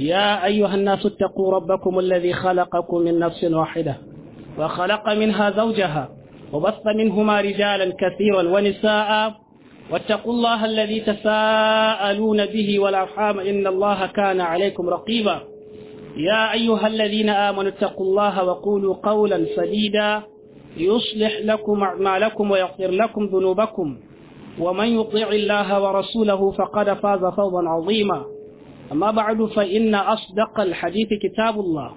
يا أيها الناس اتقوا ربكم الذي خلقكم من نفس واحدة وخلق منها زوجها وبث منهما رجالا كثيرا ونساء واتقوا الله الذي تساءلون به والأرحام إن الله كان عليكم رقيبا يا أيها الذين آمنوا اتقوا الله وقولوا قولا سديدا يصلح لكم أعمالكم ويغفر لكم ذنوبكم ومن يطيع الله ورسوله فقد فاز فوضا عظيما أما بعد فإن أصدق الحديث كتاب الله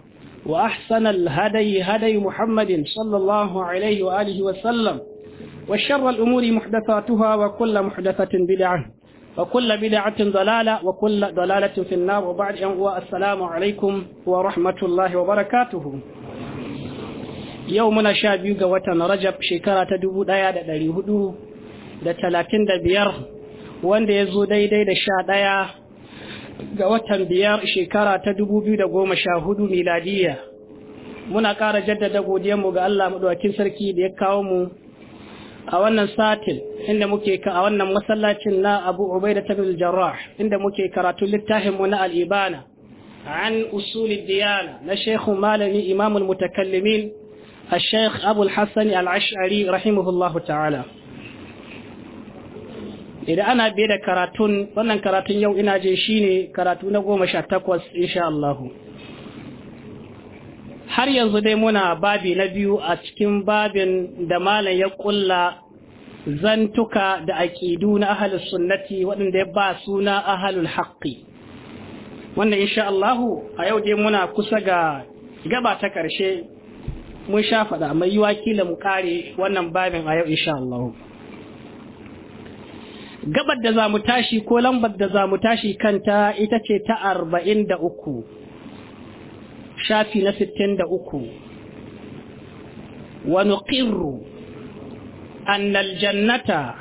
وأحسن الهدي هدي محمد صلى الله عليه وآله وسلم وشر الأمور محدثاتها وكل محدثة بدعة وكل بدعة ضلالة وكل ضلالة في النار وبعد أن السلام عليكم ورحمة الله وبركاته يومنا شابيوغا وتن رجب شكرة دبو دايا دا دا da talatin da biyar wanda ya zo daidai da sha ɗaya ga watan biyar shekara ta dubu biyu da goma sha hudu miladiya muna ƙara jaddada godiyanmu ga Allah maɗaukin sarki da ya kawo mu a wannan satin inda muke ka a wannan masallacin na Abu Ubaida bin Jarrah inda muke karatun littafin mu na al-Ibana an usul diyana na Sheikh Malami Imam al-Mutakallimin الشيخ أبو الحسن العشعري رحمه الله ta'ala. idan ana biye da karatun wannan karatun yau ina je shi ne karatu na goma sha takwas insha Allah har yanzu dai muna babi na biyu a cikin babin da malam ya kulla zantuka da aƙidu na ahalus sunnati waɗanda ya ba suna ahalul haqqi wannan insha Allah a yau dai muna kusa ga gaba ta ƙarshe mun sha faɗa mai yiwa kila mu ƙare wannan babin a yau insha Allah gabar da za mu tashi ko lambar da za mu tashi kanta ita ce ta arba'in da uku shafi na sittin da uku wa nuqirru annal jannata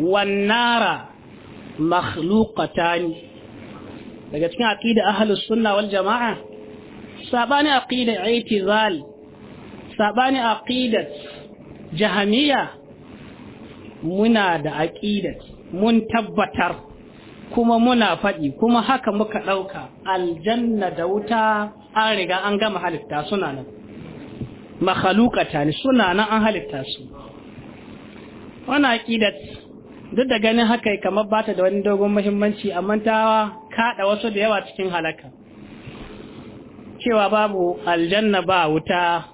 wan nara makhluqatan daga cikin aqida ahlus sunna wal jamaa sabani aqida i'tizal sabani aqidat jahamiyya muna da aƙida mun tabbatar kuma muna faɗi kuma haka muka ɗauka aljanna da wuta an riga an gama halitta suna nan makhalukata ne suna nan an halitta su wani aƙidar duk da ganin haka kamar ba ta da wani dogon mahimmanci amma ta kaɗa wasu da yawa cikin halaka cewa babu aljanna ba wuta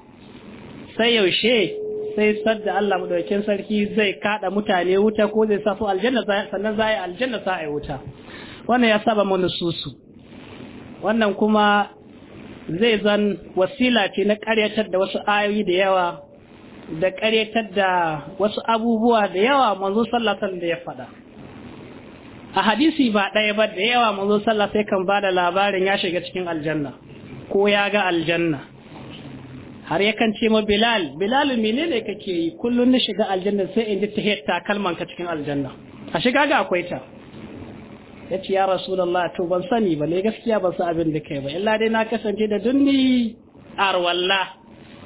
sai yaushe sai sadda Allah madaukin sarki zai kada mutane wuta ko zai safo aljanna sannan za yi aljanna sa ai wuta wannan ya saba mana susu. wannan kuma zai zan wasila ce na karyatar da wasu ayoyi da yawa da karyatar da wasu abubuwa da yawa manzo sallatan da ya faɗa a hadisi ba ɗaya ba da yawa manzo sallah sai kan ba da labarin ya shiga cikin aljanna ko ya ga aljanna har yakan ce ma bilal bilal menene kake yi kullun na shiga aljanna sai in ji tahiyar takalman ka cikin aljanna a shiga ga akwai ta ya ce ya rasulullah to ban sani ba ne gaskiya ban san abin da kai ba illa dai na kasance da dunni arwalla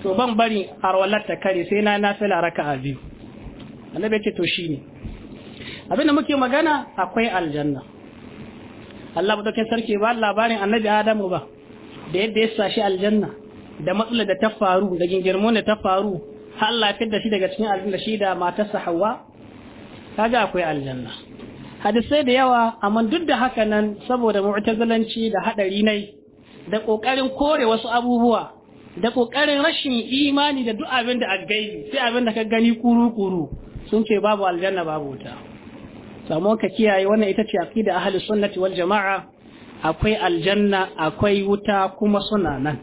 to ban bari arwallar ta kare sai na nafila a biyu annabi ya ce to shine abin da muke magana akwai aljanna Allah madaukakin sarki ba labarin annabi Adamu ba da yadda ya sashi aljanna da matsalar da ta faru da gingirmon da ta faru har Allah da shi daga cikin aljanna shi da matarsa Hawwa kaga akwai aljanna hadisai da yawa amma duk da haka nan saboda mu'tazilanci da hadari ne da kokarin kore wasu abubuwa da kokarin rashin imani da duk abin da agai sai abin da ka gani kuru kuru sun ce babu aljanna babu wuta samu ka kiyaye wannan ita ce aqida ahlus sunnati wal jamaa akwai aljanna akwai wuta kuma suna nan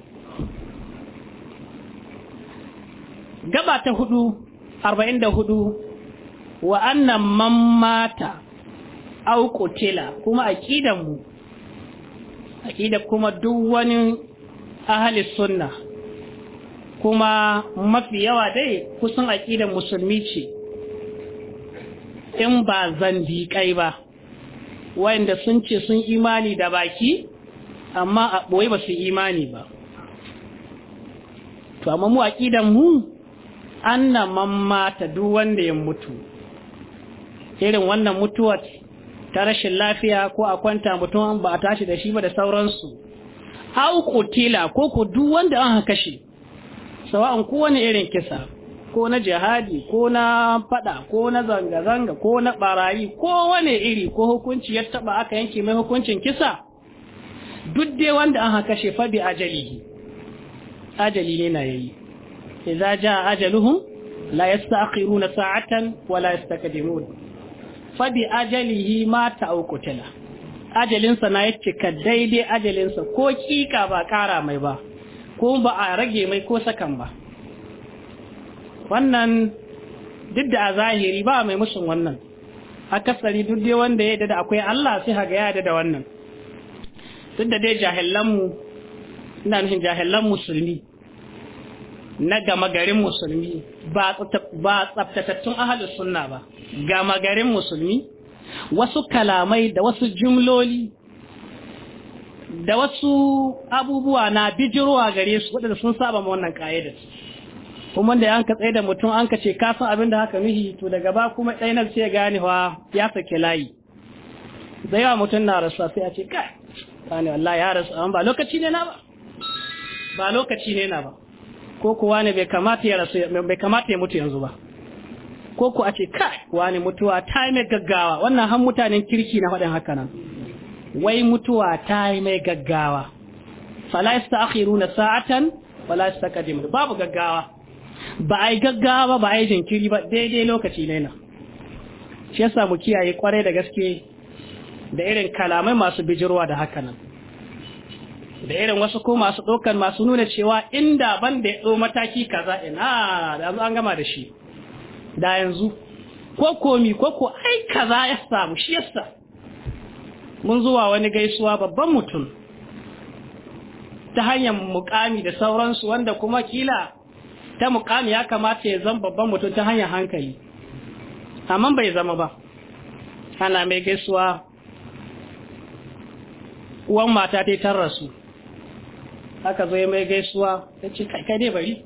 gaba ta hudu arba'in da hudu wa'annan mammata man mata au kutila kuma aqidan a kuma duk wani ahli sunna kuma mafi yawa dai kusan aƙidan musulmi ce in ba zan zandiƙai ba wayanda sun ce sun imani da baki amma a ɓoye ba su imani ba to amma mu aƙidan mu anna mata duk wanda ya mutu irin wannan mutuwar ta rashin lafiya ko a kwanta mutum ba a tashi da shi ba da sauransu au kutila ko ku duk wanda an kashe sawa'an kowane irin kisa ko na jihadi ko na fada ko na zanga-zanga ko na barayi ko wane iri ko hukunci ya taba aka yanke mai hukuncin kisa duk dai wanda an kashe bi ajali, ajali ne na yayi idza jaa ajaluhum la yasta'khiruna sa'atan wa la yastaqdimun fa bi ajalihi ma ta'uqutila ajalin sa na yake ka daidai ajalinsa ko kika ba kara mai ba ko ba a rage mai ko sakan ba wannan duk da a zahiri ba mai musun wannan akasari duk dai wanda ya da akwai Allah sai haga ya da wannan duk da dai jahilan mu nufin jahilan musulmi na gama garin musulmi ba tsaftatattun ahalus sunna ba gama garin musulmi wasu kalamai da wasu jumloli da wasu abubuwa na bijirowa gare su waɗanda sun saba ma wannan su. kuma da an ka tsaye da mutum an ka ce kafin abin da haka mihi to daga ba kuma ɗaya na sai wa ya sake layi da yawa mutum na rasuwa sai a ce kai ne wallahi ya rasu amma ba lokaci ne na ba ba lokaci ne na ba ko kuwa ne bai kamata ya mutu yanzu ba ko ku a ce kai wane mutuwa ta yi mai gaggawa wannan han mutanen kirki na haɗin haka nan wai mutuwa ta yi mai gaggawa fala yasta'khiruna sa'atan wala yastaqdimu babu gaggawa ba ai gaggawa ba a yi jinkiri ba daidai lokaci ne na shi yasa mu kiyaye kwarai da gaske da irin kalamai masu bijirwa da haka nan da irin wasu ko masu ɗaukar masu nuna cewa inda ban da ya mataki kaza ina da yanzu an gama da shi da yanzu ko komi ko ko ai kaza ya samu shi yasa mun zuwa wani gaisuwa babban mutum ta hanyar mukami da sauransu wanda kuma kila ta mukami ya kamata ya zama babban mutum ta hanyar hankali amma bai zama ba ana mai gaisuwa uwan mata ta tarrasu aka zo mai gaisuwa ya ce kai kai bari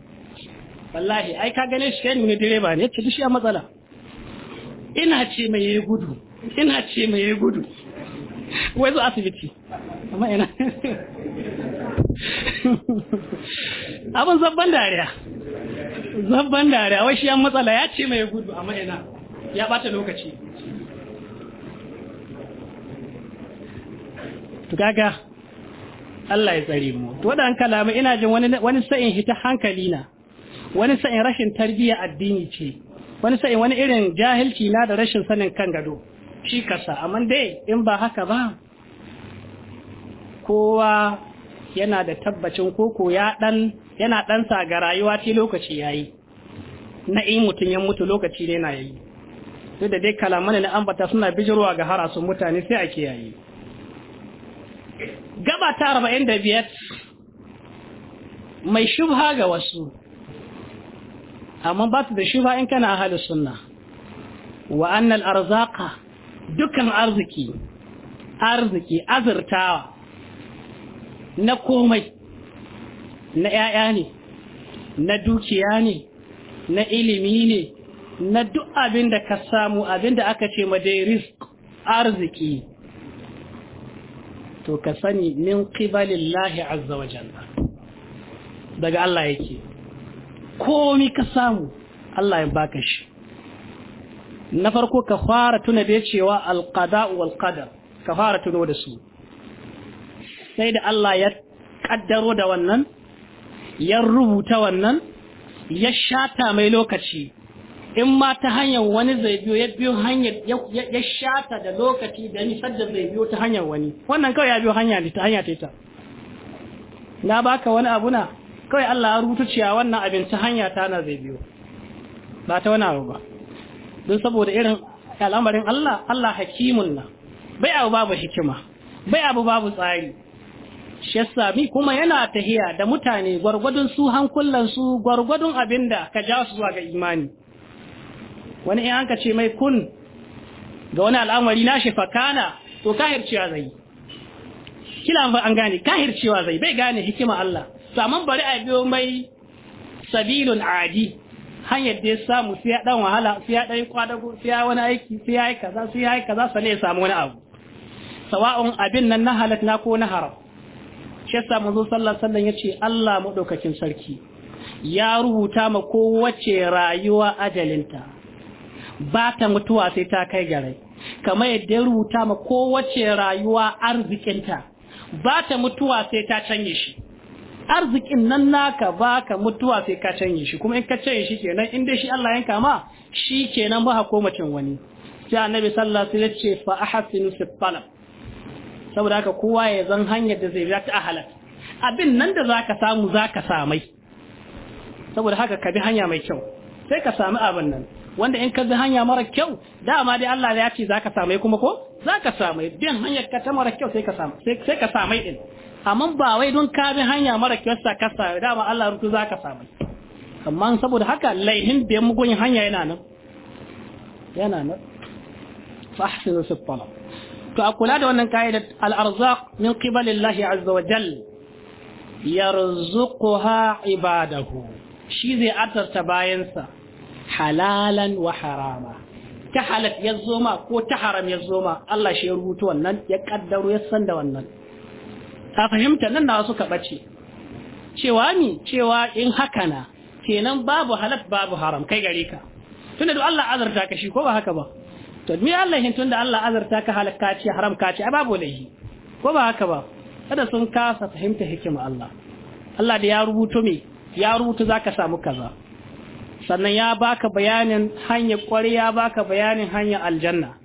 wallahi ai ka gane shi kai ne direba ne ce shi a matsala ina ce mai yayi gudu ina ce mai yayi gudu wai zo asibiti amma ina abin zabban dariya zabban dariya wai shi an matsala ya ce mai gudu amma ina ya bata lokaci gaga Allah ya tsare mu to wadannan kalamai ina jin wani wani sa'in hita hankali na wani sa'in rashin tarbiyya addini ce wani sa'in wani irin jahilci na da rashin sanin kan gado shi kasa amma dai in ba haka ba kowa yana da tabbacin koko ya dan yana dan sa ga rayuwa ce lokaci yayi na in mutum ya mutu lokaci ne na yayi duk da dai kalamai na ambata suna bijirwa ga harasun mutane sai a yayi. gaba ta arba'in da biyar mai shubha ga wasu amma ba ta da shubha in kana ahalin sunna wa annal arzaqa dukkan arziki arziki azurtawa na komai na ‘ya'ya ne na dukiya ne na ilimi ne na duk abin da ka samu abin da aka ce ma dai risk arziki to ka sani min qibalillahi azza wa daga Allah yake komi ka samu Allah ya baka shi na farko ka fara tuna da cewa alqada'u wal ka fara tuno da su sai da Allah ya ƙaddaro da wannan ya rubuta wannan ya shata mai lokaci in ma ta hanyar wani zai biyo ya biyo hanyar ya shata da lokaci da nisar da zai biyo ta hanyar wani wannan kawai ya biyo hanya ta hanya ta ita na baka wani abu na kawai Allah ya rubuta cewa wannan abin ta hanya ta na zai biyo ba ta wani abu ba don saboda irin al'amarin Allah Allah hakimun na bai abu babu hikima bai abu babu tsari shi yasa mi kuma yana tahiya da mutane gwargwadon su hankulan su gwargwadon abinda ka ja su zuwa ga imani wani in an ce mai kun ga wani al'amari na shi fakana to kahircewa zai kila an gane kahircewa zai bai gane hikima Allah to amma bari a biyo mai sabilun adi hanyar da ya samu sai ya dan wahala sai ya dan kwadago sai ya wani aiki sai ya yi kaza sai ya yi kaza sai ya samu wani abu sawa'un abin nan na halat na ko na haram shi yasa manzo sallallahu alaihi wasallam yace Allah madaukakin sarki ya rubuta ma kowace rayuwa ajalinta ba ta mutuwa sai ta kai garai kamar yadda ya rubuta ma kowace rayuwa arzikinta ba ta mutuwa sai ta canye shi arzikin nan naka ba ka mutuwa sai ka canye shi kuma in ka canye shi kenan in dai shi Allah yanka ma shi kenan ba ko macin wani sai annabi sallallahu alaihi wasallam ya ce fa ahsinu sifala saboda haka kowa ya zan hanyar da zai ta ahalat abin nan da zaka samu zaka samai saboda haka ka bi hanya mai kyau sai ka sami abin nan wanda in ka bi hanya mara kyau dama dai Allah ya ce zaka samai kuma ko zaka samai bin hanyar ka ta mara kyau sai ka samu sai ka samai din amma ba wai don ka bi hanya mara kyau sai ka samai dama Allah rutu zaka samai amma saboda haka laihin da mugun hanya yana nan yana nan fa ahsinu fi to a kula da wannan kaidar al-arzaq min qibalillahi azza wa jalla yarzuquha ibadahu shi zai atarta bayansa halalan wa harama ta halal ya zoma ko ta haram ya zoma. Allah shi ya rubuta wannan ya kaddaro ya san da wannan a fahimta nan na suka bace cewa ni cewa in haka na kenan babu halal babu haram kai gare ka tunda da Allah azarta ka shi ko ba haka ba to me Allah hin tunda Allah azarta ka halal ka ce haram ka ce babu laihi ko ba haka ba kada sun kasa fahimta hikima Allah Allah da ya rubuto me ya rubuta zaka samu kaza sannan ya baka bayanin hanya kwari ya baka bayanin hanya aljanna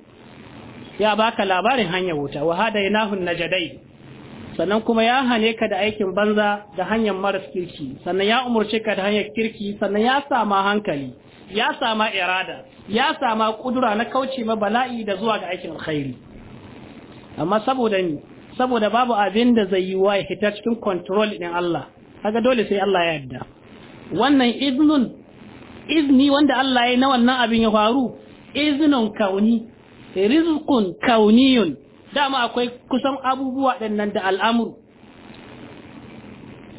ya baka labarin hanyar wuta wa na najadai sannan kuma ya hane ka da aikin banza da hanyar maras kirki sannan ya umurce ka da hanyar kirki sannan ya sama hankali ya sama irada ya sama kudura na kauce ma bala'i da zuwa ga aikin alkhairi amma saboda ni saboda babu abin da zai yi wa ya hita cikin control din Allah kaga dole sai Allah ya yarda wannan iznun Izni wanda Allah ya na wannan abin ya faru izinin kauni rizqun kauniyun dama akwai kusan abubuwa ɗannan da al'amuru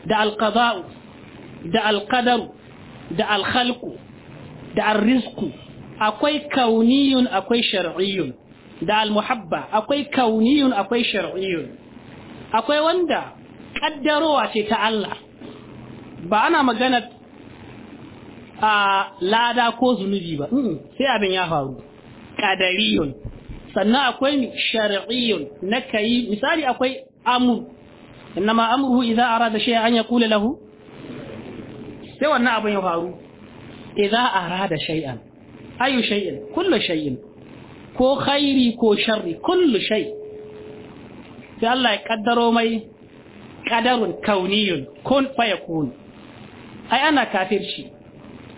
da alqada'u da alƙadaru da alkhalqu da arrizqu akwai kauniyun akwai shar'iyun da almuhabba akwai kauniyun akwai shar'iyun akwai wanda ƙaddarowace ce ta Allah ba ana magana a lada ko zunubi ba hmm. sai abin ya faru kadariyun sannan akwai shar'iyyun na kai misali akwai amur innama amruhu idza arada shay'an an yaqula lahu sai wannan abin ya faru idza arada shay'an ayu shay'in kullu shay'in ko khairi ko sharri kullu shay sai Allah ya kaddaro mai kadarun kauniyun kun fa yakun ai ana kafirci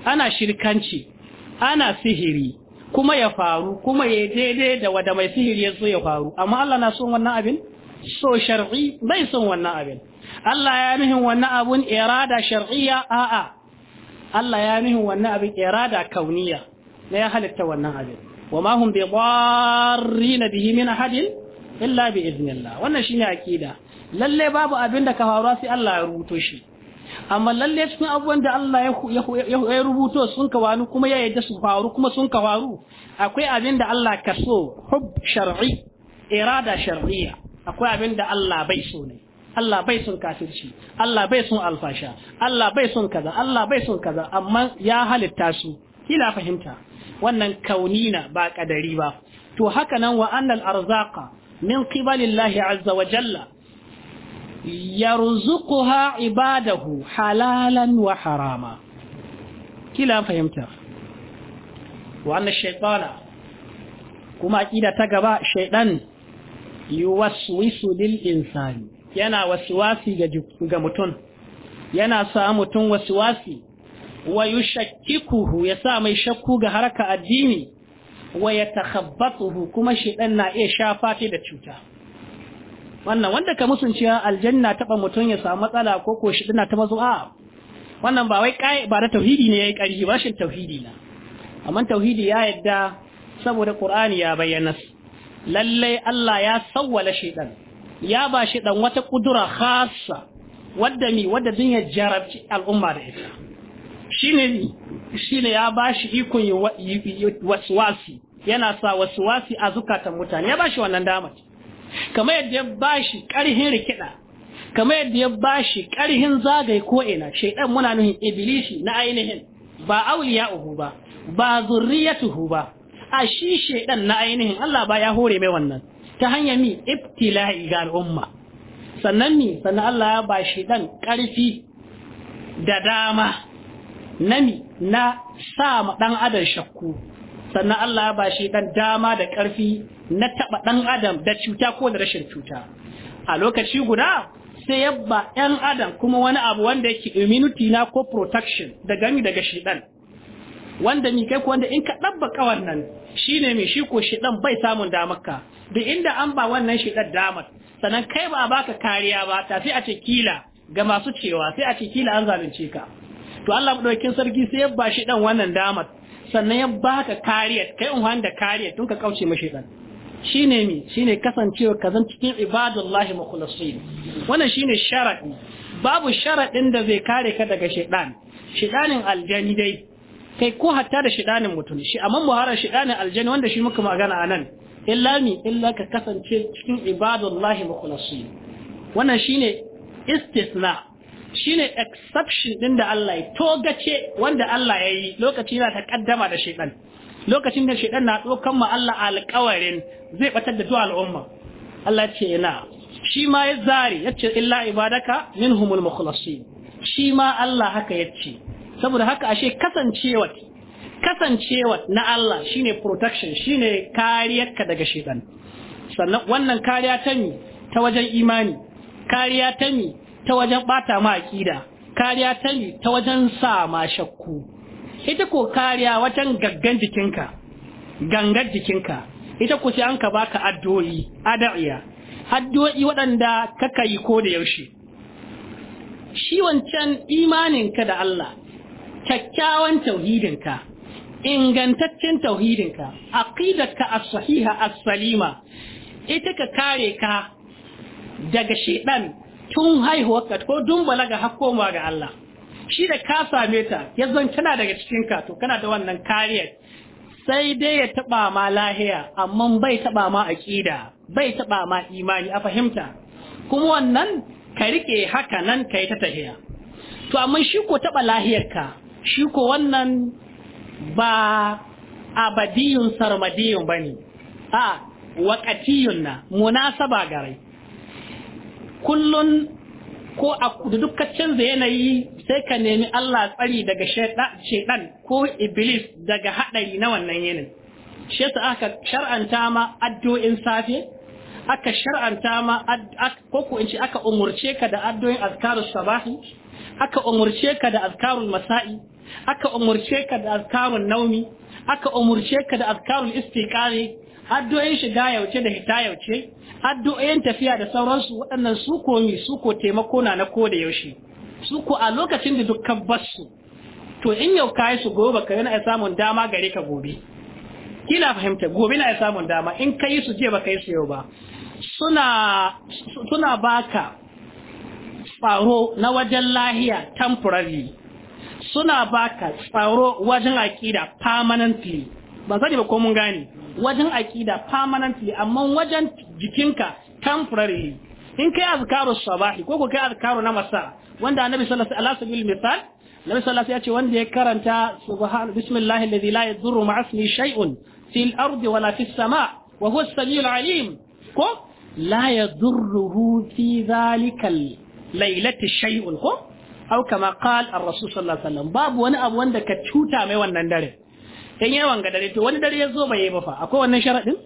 ana shirkanci ana sihiri kuma ya faru kuma ya daidai da wanda mai sihiri ya zo ya faru amma Allah na son wannan abin so shar'i bai son wannan abin Allah ya nuhin wannan abun irada shar'iyya a'a Allah ya nuhin wannan abin irada kauniya na ya halitta wannan abin wa ma hum bi bihi min ahadin illa bi idnillah wannan shine akida lalle babu abin da ka faruwa sai Allah ya rubuta shi amma lalle cikin abubuwan da Allah ya rubuto sun kawaru kuma ya yadda su faru kuma sun kawaru akwai abin da Allah ka so hub shar'i irada shar'iyya akwai abin da Allah bai so ne Allah bai son kafirci Allah bai son alfasha Allah bai son kaza Allah bai son kaza amma ya halitta su kila fahimta wannan kaunina ba kadari ba to haka nan wa annal arzaqa min qibalillahi azza wa jalla yarzuquha ibadahu halalan wa harama kila fahimta wa anna shaytana kuma kida ta gaba shaydan yuwaswisu lil insani yana waswasi ga ga mutum yana sa mutun waswasi wa yushakkikuhu ya sa mai shakku ga harka addini wa yatakhabbathu kuma shaydan na iya shafa da cuta wannan wanda ka musun cewa aljanna taba mutum ya samu matsala ko ko shi dina ta mazo wannan ba wai kai ba da tauhidi ne yayi ƙarfi ba shin tauhidi na amma tauhidi ya yadda saboda qur'ani ya bayyana lallai Allah ya sawwala shaytan ya ba shi dan wata kudura khassa wadda mi wadda din ya jarabci al'umma da ita shine shine ya ba shi ikon waswasi yana sa waswasi a zukatan mutane ya ba shi wannan damar kamar yadda ya ba bashi karhin rikida kamar yadda ya bashi karhin zagaye ko ina muna nuhin iblisi na ainihin ba auliya uhu ba ba zurriyatuhu ba a shi shaidan na ainihin Allah ba ya hore mai wannan ta hanyar mi ibtila'i ga al'umma sannan mi sannan Allah ya ba shi ɗan ƙarfi da dama nami na sa ma dan adam shakku sannan Allah ya bashi dan dama da ƙarfi na taɓa ɗan adam da cuta ko da rashin cuta a lokaci guda sai ya ba ɗan adam kuma wani abu wanda yake immunity na ko protection da gami daga shiɗan wanda ni kai ko wanda in ka ɗabba ƙawan nan shine mai shi ko shiɗan bai samun damar ka. Da inda an ba wannan shiɗan damar sannan kai ba a baka kariya ba tafi a ce kila ga masu cewa sai a ce kila an zalunce ka to Allah ɗaukin sarki sai ya ba shi dan wannan damar sannan ya ba ka kariya kai unhan da kariya tun ka kauce ma shaytan shine mi ne kasancewa kazan cikin ibadullahi mukhlasin wannan shi ne sharadi babu sharadin da zai kare ka daga shiɗan, shaytanin aljani dai kai ko hatta da shaytanin mutum shi amma muharar shaytanin aljani wanda shi muka magana anan illa mi illa ka kasance cikin ibadullahi mukhlasin wannan shi shine istisna shine exception ɗin da Allah ya togace wanda Allah ya yi lokaci yana ta kaddama da shaidan lokacin da shaidan na dokan ma Allah alƙawarin zai batar da du'a al'umma Allah ce yana shi ma ya zari ya ce illa ibadaka minhumul mukhlasin shi ma Allah haka ya ce saboda haka ashe kasancewa kasancewa na Allah shine protection shine kariyarka daga shaidan sannan wannan kariya ta ta wajen imani kariya ta ta wajen bata ma aƙida, kariya ta yi ta wajen sa ma shakku ita ko kariya wajen gaggan jikinka gangar jikinka ita ko sai an ka baka addu'o'i ada'iya addu'o'i waɗanda kaka yi ko da yaushe shi wancan imaninka da Allah kyakkyawan tauhidinka ingantaccen tauhidinka aqidatka as-sahiha as-salima ita ka kare ka daga shedan tun haihuwarka ko dun balaga har koma ga Allah shi da ka same ta ya zan tana daga cikin ka to kana da wannan kariyar sai dai ya taba ma lahiya amma bai taba ma aqida bai taba ma imani a fahimta kuma wannan ka rike haka nan kai ta tahiya to amma shi ko taba ka, shi ko wannan ba abadiyun sarmadiyun bane a wakatiyun na munasaba garai kullun ko a duk canza yanayi sai ka nemi Allah tsari daga shaidan ko iblis daga haɗari na wannan yanin shi yasa aka shar'anta ma addu'o'in safe aka shar'anta ma ko ko in ce aka umurce ka da addu'o'in azkarus sabahi aka umurce ka da azkarul masa'i aka umurce ka da azkarun naumi aka umurce ka da azkarul istiqari addu'o'in shiga yauce da hita yauce addu'o'in tafiya da sauransu waɗannan su ko su ko taimako na na ko da yaushe su ko a lokacin da dukkan basu to in yau kayi su gobe ka na samun dama gare ka gobe Kina fahimta gobe na samun dama in ka yi su je ba ka yi su yau ba suna baka tsaro na wajen lahiya temporary suna baka tsaro wajen aƙida permanently ba sani ba ko mun gane wajen aqida permanently amma wajen jikinka temporarily in kai azkaru sabahi ko ko kai azkaru na masa wanda annabi sallallahu alaihi wasallam misal annabi sallallahu ya ce wanda ya karanta subhan bismillahi alladhi la yadurru ma'a ismi shay'un fil ardi wala fis sama' wa huwa as-sami'ul alim ko la yadurruhu fi dhalikal lailati shay'un ko au kama qala ar-rasul sallallahu alaihi wasallam babu wani abu wanda ka cuta mai wannan dare kan yawan ga dare to wani dare ya zo bai yi ba fa akwai wannan sharadin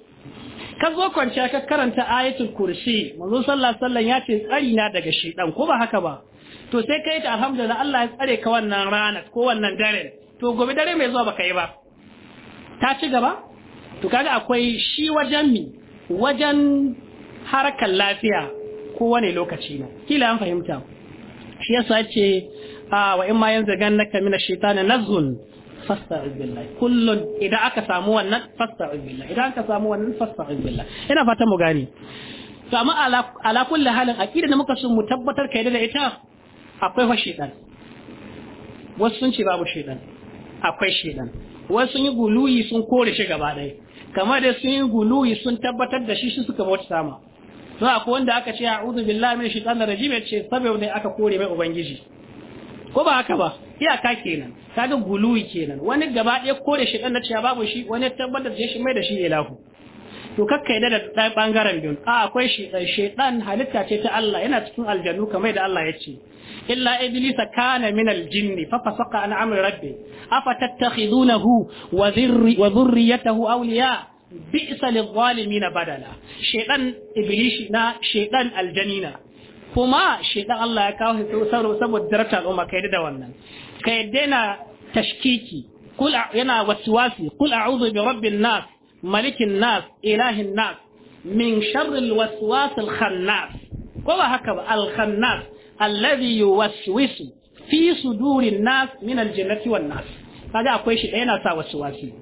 ka zo kwanciya ka karanta ayatul kursi manzo sallallahu alaihi wasallam ya ce tsari na daga shedan ko ba haka ba to sai kai ta alhamdulillah Allah ya tsare ka wannan rana ko wannan dare to gobe dare mai zuwa baka yi ba ta ci gaba to kaga akwai shi wajen mi wajen harkar lafiya ko wani lokaci na kila an fahimta shi yasa ce a ah, wa in ma yanzu ganna ka mina shaitana nazun fasta'id billah kullun idan aka samu wannan fasta'id billah idan aka samu wannan fasta'id billah ina fatan mu gani to amma ala ala kulli halin aqida da muka so mu tabbatar kai da ita akwai fa shedan wasu sun ce babu shedan akwai shedan wasu sun yi guluyi sun kore shi gaba ɗaya kamar da sun yi guluyi sun tabbatar da shi shi suka bauta sama don akwai wanda aka ce a'udhu billahi minash shaitanir rajim ya ce ne aka kore mai ubangiji ko ba haka ba iyaka kenan kaga guluwi kenan wani gaba ɗaya ko da shi ci ya babu shi wani tabbatar da shi mai da shi ilahu to kakkai da da bangaren biyun a akwai shi eh, shedan halitta ce ta Allah yana cikin aljannu kamar da Allah ya ce illa iblis kana min aljinn fa fasaqa an amri rabbi afa tattakhidunahu wa dhurriyyatahu awliya bi'sa lidh-dhalimin badala shedan iblis na shedan aljanina kuma shedan Allah ya kawo saboda darata al'umma kai da wannan ka yadda yana tashkiki yana wasiwasi, kul a a'udhu bi rabbin nas malikin nas ilahin nas min sharrin waswas al khannas ko ba haka ba al khannas alladhi yuwaswisu fi sudurin nas min al jannati wan nas kaga akwai shi yana sa waswasi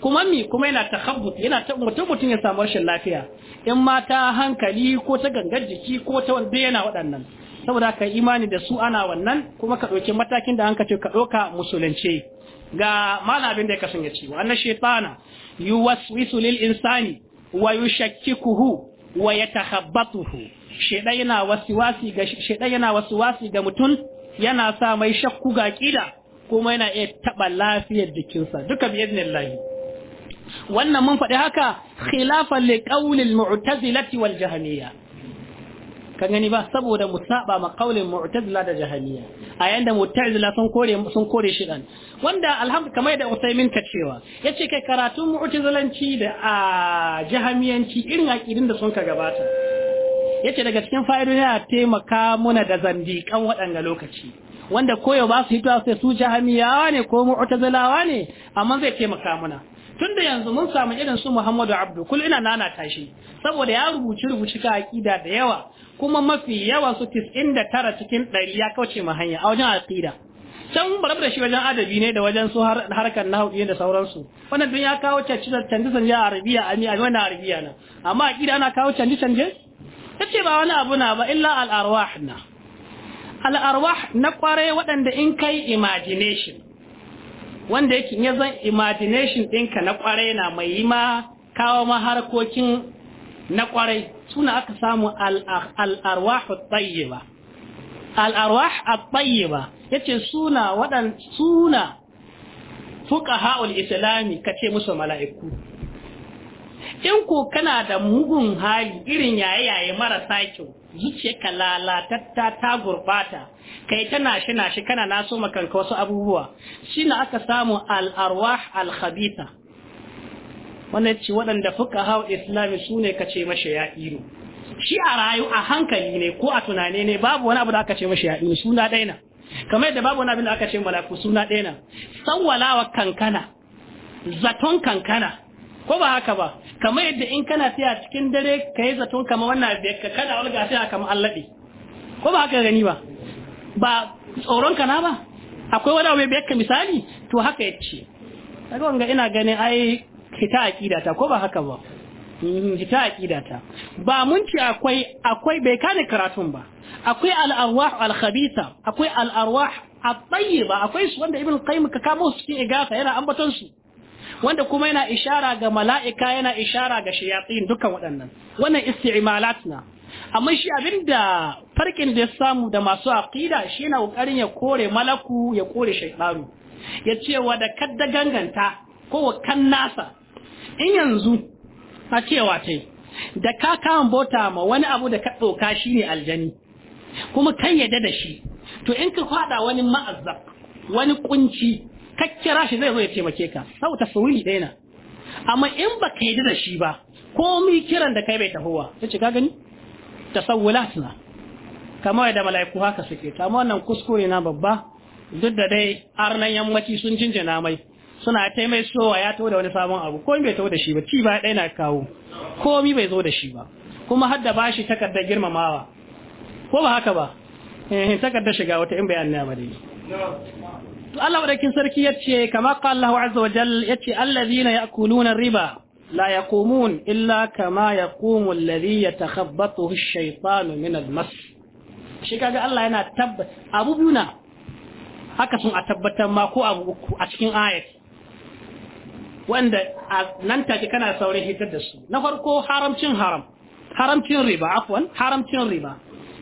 kuma mi kuma yana takhabbut yana mutum mutum ya samu rashin lafiya in ma ta hankali ko ta gangar jiki ko ta wanda yana waɗannan saboda ka imani da su ana wannan kuma ka ɗauki matakin da an ka ce ka ɗauka musulunci ga malam abin da ya kasan ya ce wa annan shaitana yuwaswisu lil insani wa yushakkikuhu wa yatakhabbatuhu shaitan yana wasiwasi ga shaitan yana wasiwasi ga mutum yana sa mai shakku ga kida kuma yana iya taɓa lafiyar jikinsa duka bi'idnillahi wannan mun faɗi haka khilafan liqaulil mu'tazilati wal jahmiyya ka gani ba saboda mu saba ma kaulin mu'tazila da jahiliya a da mu'tazila sun kore sun kore shi dan wanda alhamdu kamar da Usaimin ka cewa yace kai karatun mu'tazilanci da a jahamiyanci irin aqidin da sun ka gabata yace daga cikin fa'idodi ya taimaka muna da zandikan waɗanga lokaci wanda koyo ba su hito sai su jahamiyawa ne ko mu'tazilawa ne amma zai taimaka muna tunda yanzu mun samu irin su Muhammadu Abdu kul ina nana tashi saboda ya rubuci rubuci ka aqida da yawa kuma mafi yawa su 99 cikin 100 ya kauce ma hanya a wajen aqida can barab da shi wajen adabi ne da wajen su harkar nahawi da sauransu wannan dun ya kawo canje canje a arabiya a wannan arabiya na amma aqida ana kawo canje canje tace ba wani abu na ba illa al arwah na al arwah na kware waɗanda in kai imagination wanda yake ya zan imagination ɗinka na kwarai na mai yi ma kawo ma harkokin na kwarai suna aka samu al'arwahu a tsaye ba ya yace suna waɗanda suna fuka ha'ul islami ce musu mala'iku in ko kana da mugun hali irin yaye-yaye marasa kyau ka lalatatta ta gurbata kai tana shi na shi kana naso makanka wasu abubuwa Shi na aka samu al-arwah al-khabitha wannan ce waɗanda fuka hau islami su ne ka ce mashi ya iro shi a rayu a hankali ne ko a tunane ne babu wani abu da aka ce mashi ya iro suna ɗaya na kamar yadda babu wani abin da aka ce malaku suna ɗaya na sanwalawa kankana zaton kankana ko ba haka ba kamar yadda in kana tsaya cikin dare ka yi zaton kamar wannan biyar ka kada walga kamar kama allaɗe ko ba haka gani ba ba tsoron kana ba akwai wani abu biyar ka misali to haka ya ce daga wanga ina ganin ai hita a ƙidata ko ba haka ba mm-hmm, hita a ƙidata ba mun ci akwai akwai bai kane karatun ba akwai al'arwah al-khabitha akwai al'arwah tsayi ba akwai su wanda ibn qayyim ka kamo su cikin igafa yana ambaton su wanda kuma yana ishara ga mala'ika yana ishara ga shayatsin dukan waɗannan wannan isti'malat na amma shi abinda farkin da ya samu da masu aƙida shi yana ƙoƙarin ya kore malaku ya kore shaiɓaru. ya ce wa da kadda ganganta ko wa kan nasa in yanzu a cewa yi da ka kawon bota ma wani abu da ka ɗauka shi ne aljani kuma kan yadda da shi to in ka faɗa wani ma'azzab wani kunci kakkira shi zai zo ya taimake ka ta sauri ɗaya na amma in ba ka yi da shi ba komi kiran da kai bai tahowa ta ce ka gani ta tasawulat na kamar da mala'iku haka suke ta wannan kuskure na babba duk da dai arnan yammaci sun jinjina mai suna ta mai sowa ya taho da wani sabon abu komi bai taho da shi ba ci ba ɗaya na kawo komi bai zo da shi ba kuma har da bashi takardar girmamawa ko ba haka ba eh takardar shiga wata in bayan na ba dai to Allah madaukin sarki yace kama qala Allah azza wa jalla yace alladhina ya'kuluna riba la yaqumun illa kama yaqumu alladhi yatakhabbathu ash-shaytanu min al-mas shi kaga Allah yana tabbata abu biyu na haka sun a tabbatar ma ko abu uku a cikin ayat wanda nan take kana saurin hitar da su na farko haramcin haram haramcin riba afwan haramcin riba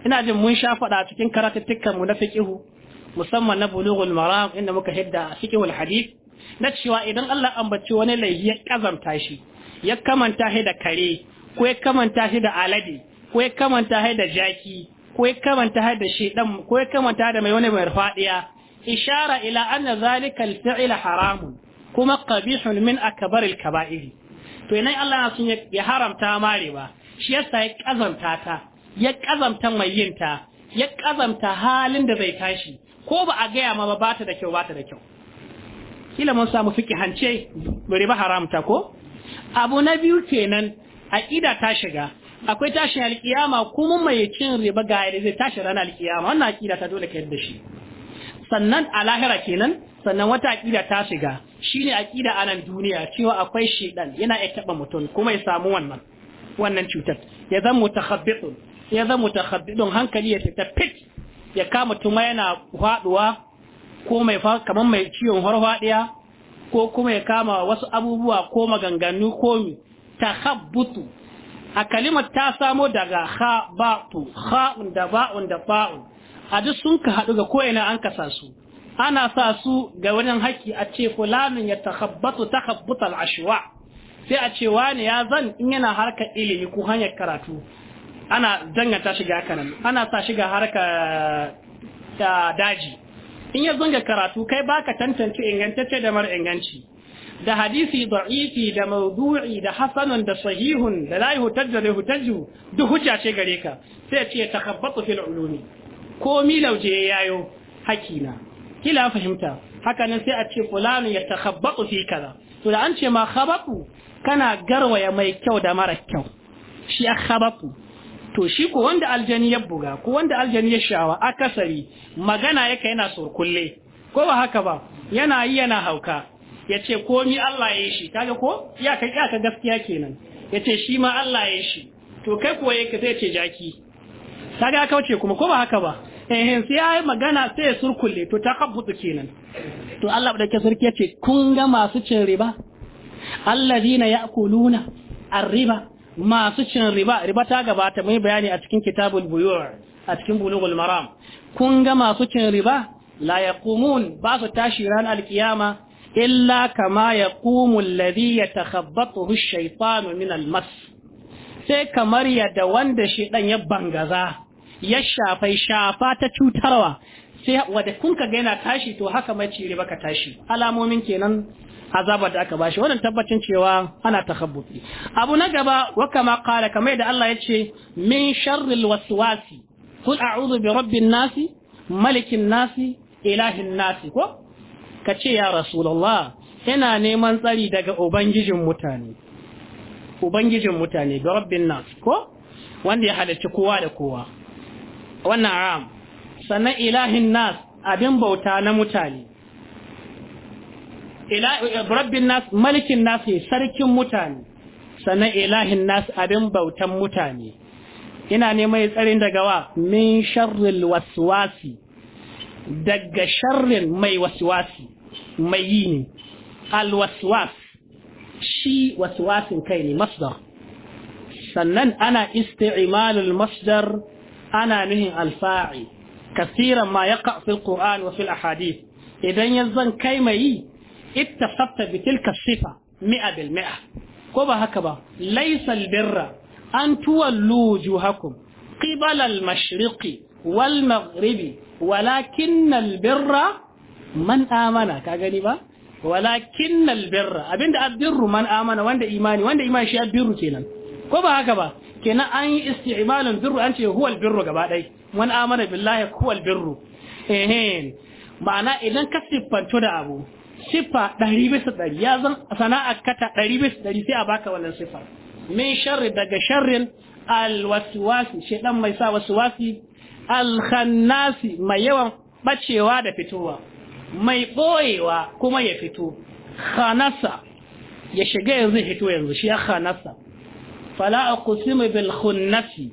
ina jin mun sha faɗa cikin karatuttukan mu na fiqihu musamman na bulughul maram inda muka hidda fiqhul hadith na cewa idan Allah ambaci wani laifi ya kazamta shi ya kamanta shi da kare ko ya kamanta shi da alade ko ya kamanta shi da jaki ko ya kamanta shi da shedan ko ya kamanta da mai wani mai fadiya ishara ila anna zalika al-fi'l haramun kuma qabihun min akbar al-kaba'ir to ina Allah na sun ya haramta mare ba shi yasa ya kazamta ta ya kazamta mai yin ta ya kazamta halin da zai tashi ko ba a gaya ma ba ba ta da kyau ba ta da kyau kila mun samu hance bari ba haramta ko abu na biyu kenan aqida ta shiga akwai tashin alkiyama kuma mai cin riba ga yadda zai tashi ranar alkiyama wannan aqida ta dole ka yadda shi sannan a lahira kenan sannan wata aqida ta shiga shine aqida a nan duniya cewa akwai shedan yana ya taba mutum kuma ya samu wannan wannan cutar ya zama mutakhabbitun ya zama mutakhabbidun hankali ya fita fit ya kama tuma yana faduwa ko mai kamar mai ciwon harfadiya ko kuma ya kama wasu abubuwa ko maganganu ko ta tahabbutu a kalimar ta samo daga ha tu da ba da ba'un a duk sun ka haɗu ga ina an kasa su ana sa su ga wajen haƙƙi a ce fulanin ya ta ta tahabbutal ashwa sai a ce wani ya zan in yana harkar ilimi ko hanyar karatu ana danganta shiga kanan ana sa shiga harka da daji in ya zunga karatu kai baka tantance ingantacce da mara inganci da hadisi da'ifi da maudu'i da hasanun da sahihun da layi hutajju da hutajju duk hujja ce gare ka sai ce takabbatu fil ulumi ko mi lauje yayo hakina kila fahimta haka nan sai a ce fulani ya takabbatu fi kaza to da an ce ma khabatu kana garwaya mai kyau da mara kyau shi a to shi ko wanda aljani ya buga ko wanda aljani ya shawa akasari magana yake yana surkulle ko ba haka ba yana yi yana hauka yace ko ni Allah ya yi shi kaga ko ya ka ya gaskiya kenan yace shi ma Allah ya yi shi to kai kuwa yake sai ce jaki kaga kauce kuma ko ba haka ba eh sai ya magana sai ya surkulle to ta takabbutu kenan to Allah da ke sarki yace kun ga masu cin riba allazina ya'kuluna arriba masu cin riba riba ta gabata mai bayani a cikin kitabul buyur a cikin bulughul maram kun ga masu cin riba la yaqumun ba su tashi ran alkiyama illa kama yaqumu ya yatakhabbathu ash-shaytanu min almas. sai kamar yadda wanda shi ɗan ya bangaza ya shafai shafa ta cutarwa sai wadda kun ka ga yana tashi to haka mai riba ka tashi alamomin kenan azabar da aka bashi wannan tabbacin cewa ana takhabbuti abu na gaba wa kama qala kamar da Allah yace min sharril waswasi kul a'udhu bi rabbin nasi malikin nasi ilahin nasi ko kace ya rasulullah ina neman tsari daga ubangijin mutane ubangijin mutane bi rabbin nas ko wanda ya halarci kowa da kowa wannan ram sannan ilahin nas abin bauta na mutane rabbin nas malikin nas sarkin mutane sannan ilahin nas abin bautan mutane ina neman ya tsarin daga wa min sharril waswasi daga sharrin mai waswasi mai yi ne alwaswas shi waswasin kai ne masdar sannan ana isti'malul masdar ana nuhin alfa'i kasiran ma yaqa fil qur'an wa fil ahadith idan yanzan kai mai yi اتصفت بتلك الصفة مئة بالمئة كوبا هكبا ليس البر أن تولوا وجوهكم قبل المشرق والمغرب ولكن البر من آمن كأغني با ولكن البر أبين ده أبدر من آمن وان ده إيماني وان ده إيماني شيء أبدر كينا كوبا هكبا كنا أي استعمال البر أنت هو البر كبا داي من آمن بالله هو البر إيهين معنى إذن كسب فانتو ده أبو Sifa ɗari bisa ɗari ya zan sana'ar kata ɗari bisa ɗari sai a baka wannan Sifa. min sharri daga sharrin alwaswasi shaidan mai sa waswasi alkhannasi mai yawan bacewa da fitowa mai ɓoyewa kuma ya fito khanasa ya shiga yanzu fito yanzu shi ya khanasa fala aqsimu bil khunnasi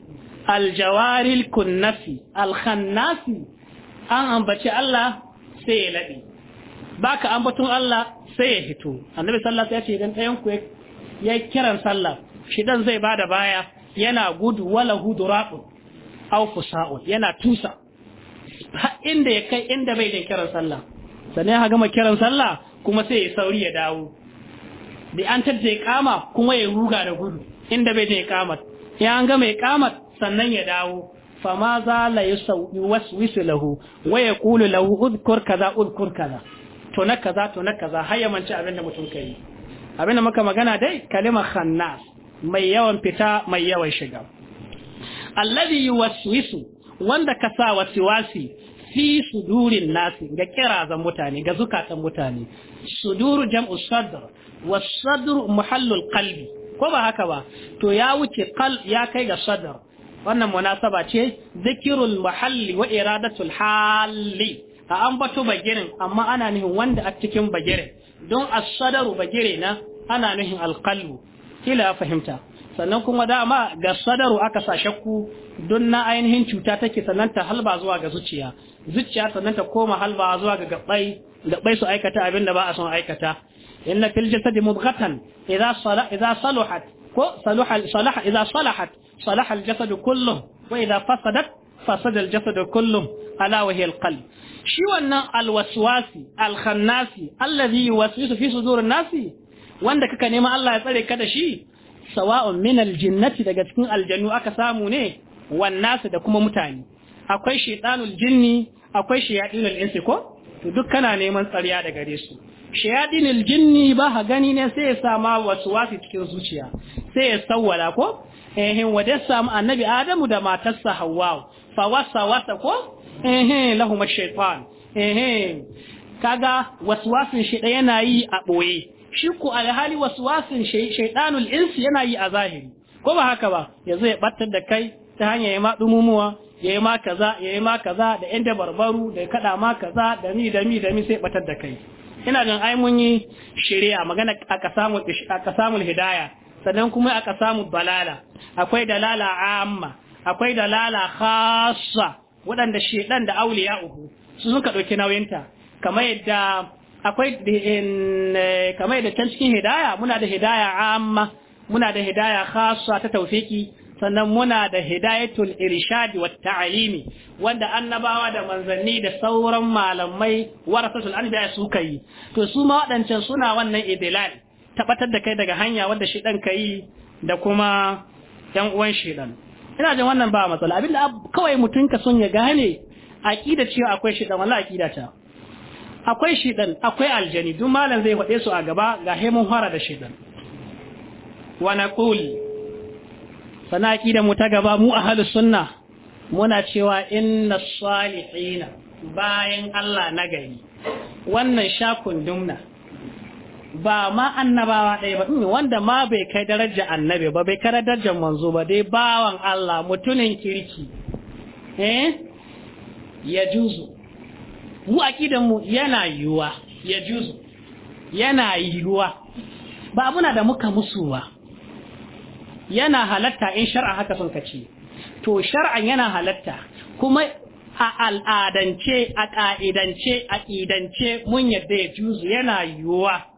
aljawaril kunnasi alkhannasi an ambaci Allah sai ya laɗe baka ambaton Allah sai ya hito, annabi sallallahu alaihi wasallam ya ce idan ɗayan ku ya kiran sallah shi dan zai bada baya yana gudu wala hudurabu aw fusa'un yana tusa inda ya kai inda bai da kiran sallah sannan ya gama kiran sallah kuma sai ya sauri ya dawo bi an tadda ya kama kuma ya ruga da gudu inda bai da ya kama ya an gama ya kama sannan ya dawo ma za la yusawwisu lahu wa yaqulu lahu udhkur kaza udhkur kaza to na kaza to na kaza har ya manci abin da mutum kai abin da muka magana dai kalimar khannas mai yawan fita mai yawan shiga alladhi yuwaswisu wanda ka sa wasiwasi fi sudurin nasi ga kirazan mutane ga zukatan mutane suduru jam'u sadr was sadr muhallul qalbi ko ba haka ba to ya wuce qal ya kai ga sadr wannan munasaba ce zikirul muhalli wa iradatul hali a an bato bagirin amma ana nuhin wanda a cikin bagire don as-sadaru bagire na ana nuhin alqalbu kila fahimta sannan kuma dama ga sadaru aka sa shakku don na ainihin cuta take sannan ta halba zuwa ga zuciya zuciya sannan ta koma halba zuwa ga gabbai gabbai su aikata abin da ba a son aikata inna fil jasadi mudghatan idza sala idza saluhat ko saluha salaha idza salahat salaha al jasad kullu wa idza fasadat fasada al-jasad kullum ala wa hiya al-qalb shi wannan al-waswasi al-khannasi alladhi yuwaswisu fi sudur an-nasi wanda kaka nema Allah ya tsare ka da shi sawa'un min al daga cikin aljannu aka samu ne wan nasu da kuma mutane akwai shaytanul jinni akwai shayadinul insi ko to duk kana neman tsariya da gare su shayadinul jinni ba ha gani ne sai ya sama waswasi cikin zuciya sai ya sawwala ko ehin ya samu annabi adamu da matarsa Hauwa. fawasa wasa ko ehe lahum shaitan ehe kaga waswasin shi yana yi a ɓoye shi ko alhali waswasin shaytanul insi yana yi a zahiri ko ba haka ba yanzu ya battar da kai ta hanyar ya ma dumumuwa ya yi ma kaza ya yi ma kaza da yan dabarbaru da ya kaɗa ma kaza da mi da mi da mi sai batar da kai ina jin ai mun yi shari'a magana a samu hidaya sannan kuma ƙasa samu balala akwai dalala amma akwai dalala khassa waɗanda shedan da auliya uku su suka ɗauki nauyinta kamar yadda akwai kamar yadda can cikin hidaya muna da hidaya amma muna da hidaya khassa ta tawfiki sannan muna da hidayatul irshadi wa ta'alimi wanda annabawa da manzanni da sauran malamai warasatul anbiya suka yi to su ma waɗancan suna wannan idlal tabbatar da kai daga hanya wanda shi dan kai da kuma yan uwan shi dan ina jin wannan ba matsala abinda kawai mutum ka son ya gane aqida cewa akwai shi wallahi aqida ta akwai shi akwai aljani duk malam zai faɗe su a gaba ga hemun fara da shi dan wa naqul sana mu ta gaba mu ahlus sunna muna cewa inna salihina bayan Allah na gari wannan shakun dumna ba ma annabawa ɗaya ba mm, wanda ma bai kai daraja annabi ba bai kai darajar manzo ba dai bawan Allah mutumin kirki eh ya juzu mu akidan mu yana yiwuwa ya juzu yana yiwuwa ba muna da muka musu ba yana halatta in shar'a haka sun kace to shar'an yana halatta kuma a al'adance a ƙa'idance a idance mun yadda ya juzu yana yiwuwa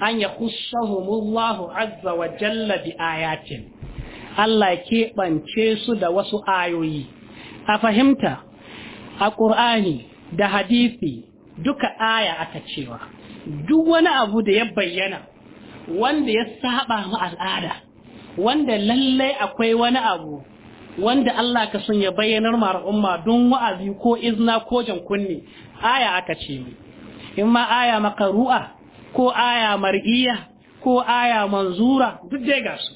an ya kushahumullahu azza wa jalla bi ayatin Allah keɓance su da wasu ayoyi a fahimta a ƙur'ani da hadisi duka aya aka cewa duk wani abu da ya bayyana wanda ya saba mu al'ada wanda lallai akwai wani abu wanda Allah ka sun ya bayyanar ma umma don wa'azi ko izna ko jan kunne aya aka ce in ma aya makaru'a ko aya mar'iya ko aya manzura duk dai ga su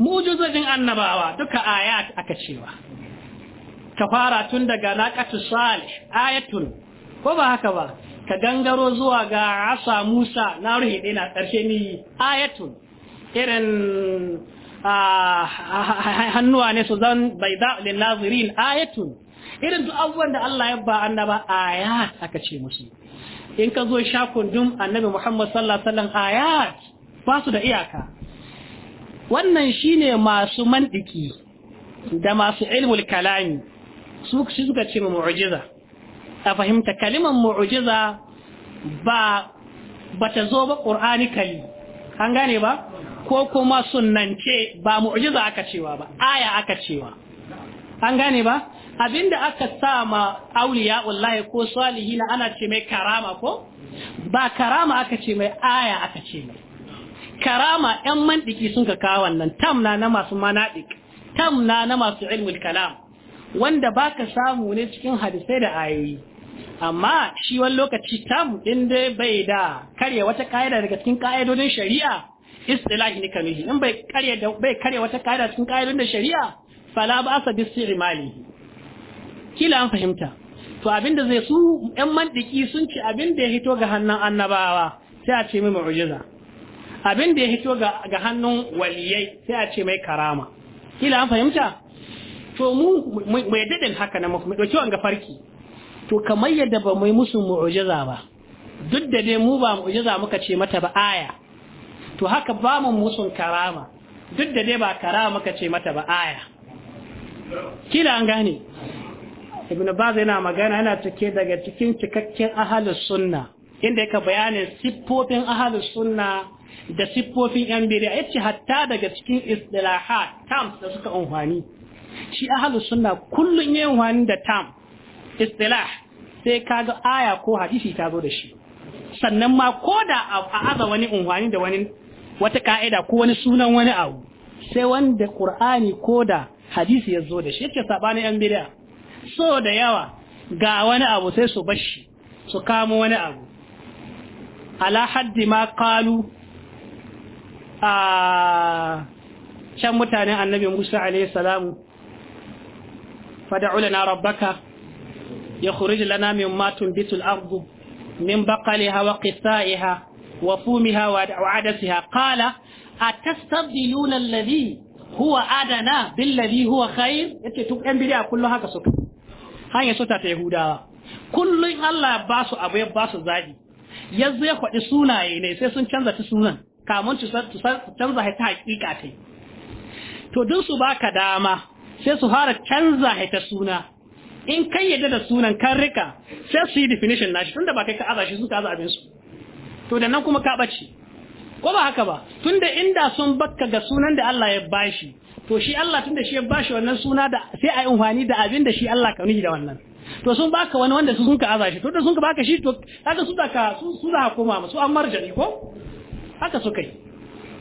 mujizojin annabawa duka ayat aka cewa ka fara tun daga laqatu salih ayatun ko ba haka ba ka gangaro zuwa ga asa musa na ruhi dina karshe ni ayatun irin hannuwa ne su zan baida lin nazirin ayatun irin duk abubuwan da Allah ya ba annaba ayat aka ce musu in ka zo sha kundum annabi Muhammad sallallahu alaihi wasallam ayat ba su da iyaka wannan shine masu mandiki da masu ilmul kalami su suka ce mu mu'jiza a fahimta kalimar mu'jiza ba bata zo ba qur'ani kali an gane ba ko kuma sunnance ba mu'jiza aka cewa ba aya aka cewa an gane ba abinda aka sa ma auliya wallahi ko salihina ana ce mai karama ko ba karama aka ce mai aya aka ce mai karama ɗan mandiki sun ka kawo wannan tamna na masu manadik tamna na masu ilmul kalam wanda baka samu ne cikin hadisai da ayoyi amma shi wani lokaci tam din dai bai da karya wata ka'ida daga cikin ka'idodin shari'a istilahi ne kamar in bai karya wata ka'ida cikin ka'idodin shari'a fala ba sa bi malihi kila an fahimta to abinda zai su yan mandiki sun ce abinda ya hito ga hannun annabawa sai a ce mai mu'jiza abinda ya hito ga hannun waliyai sai a ce mai karama kila an fahimta to mu mai dadin haka na mu dauki wanga farki to kamar yadda ba mai musu mu'jiza ba duk da dai mu ba mu'jiza muka ce mata ba aya to haka ba mu musun karama duk da dai ba karama muka ce mata ba aya kila an gane ibn baz yana magana yana cike daga cikin cikakken ahlus sunna inda yake bayanin siffofin ahlus sunna da siffofin yan bid'a yace hatta daga cikin istilahat TAM da suka umfani shi ahlus sunna kullun yayin da TAM, istilah sai kaga aya ko hadisi ta zo da shi sannan ma ko da a aza wani umfani da wani wata ka'ida ko wani sunan wani abu sai wanda qur'ani ko da hadisi ya zo da shi yake sabanin yan bid'a so da yawa ga wani abu sai su bashi su kamo wani abu ala haddi ma kalu can mutanen annabi musa alaihi salamu fada'u lana rabbaka ya khuruj lana matun bitul ardu min baqaliha wa qisaiha wa fumiha wa adasiha qala atastabdiluna alladhi huwa adana billadhi huwa khair yake tuk yan bidiya kullu haka suka hanyar sota ta yahudawa kullum Allah ba su abu ya ba su zaɓi ya zai kwaɗi sunaye ne sai sun canza ta sunan kamun su canza ta hakika ta to duk su baka dama sai su fara canza ta suna in kai yadda da sunan kan rika sai su yi definition nashi tunda ba kai ka aza shi suka aza abin su to da nan kuma ka ɓaci ko ba haka ba tunda inda sun bakka ga sunan da Allah ya bashi to shi Allah tunda shi ya bashi wannan suna da sai a yi amfani da abin da shi Allah ka nuhi da wannan to sun baka wani wanda su sun ka aza shi to da sun ka baka shi to haka su da su su da koma su an marjani ko haka suka yi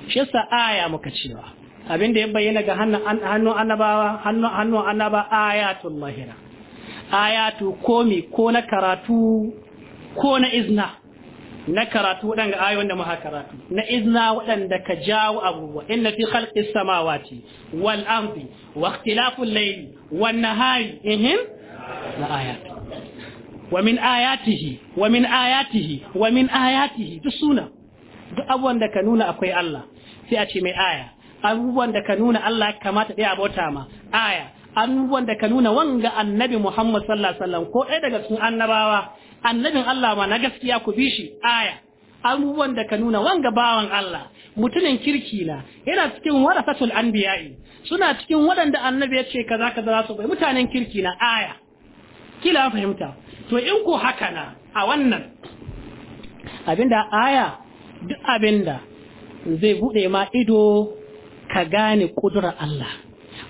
shi yasa aya muka cewa abin da ya bayyana ga hannun annabawa hannun hannun annaba ayatul mahira ayatu komi ko na karatu ko na izna na karatu waɗanda ayoyin da muka karatu na izna waɗanda ka jawo abubuwa inna fi khalqis samawati wal ardi wa ikhtilafil layli wan nahari ihim la ayat wa min ayatihi wa min ayatihi wa min ayatihi duk suna duk abubuwan da ka nuna akwai Allah sai a ce mai aya abubuwan da ka nuna Allah kamata ɗaya abota ma aya abubuwan da ka nuna wanga annabi Muhammad sallallahu alaihi wasallam ko ɗaya daga cikin annabawa annabin Allah ma na gaskiya ku bi shi aya abubuwan da ka nuna wanga bawan Allah mutumin kirki na yana cikin warasatul anbiya'i suna cikin waɗanda annabi ya ce kaza kaza za su bai mutanen kirki na aya kila fahimta to in ko haka na a wannan abinda aya duk abinda zai bude ma ido ka gane kudura Allah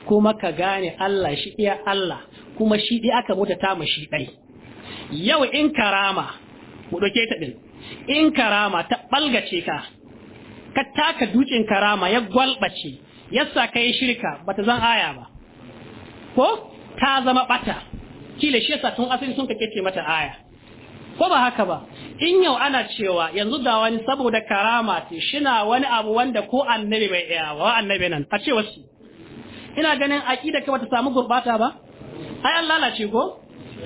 kuma ka gane Allah shi iya Allah kuma shi ɗi aka mutata ma shi yau in karama mu ɗauke ta ɗin in karama ta ɓalgace ka ka taka dukin karama ya gwalɓace yasa ka yi shirka ba ta zan aya ba ko ta zama ɓata kila shi yasa tun asali sun kake ce mata aya ko ba haka ba in yau ana cewa yanzu da wani saboda karama ce shina wani abu wanda ko annabi bai iya wa annabi nan a ce wasu ina ganin aƙida ka bata samu gurbata ba ai an lalace ko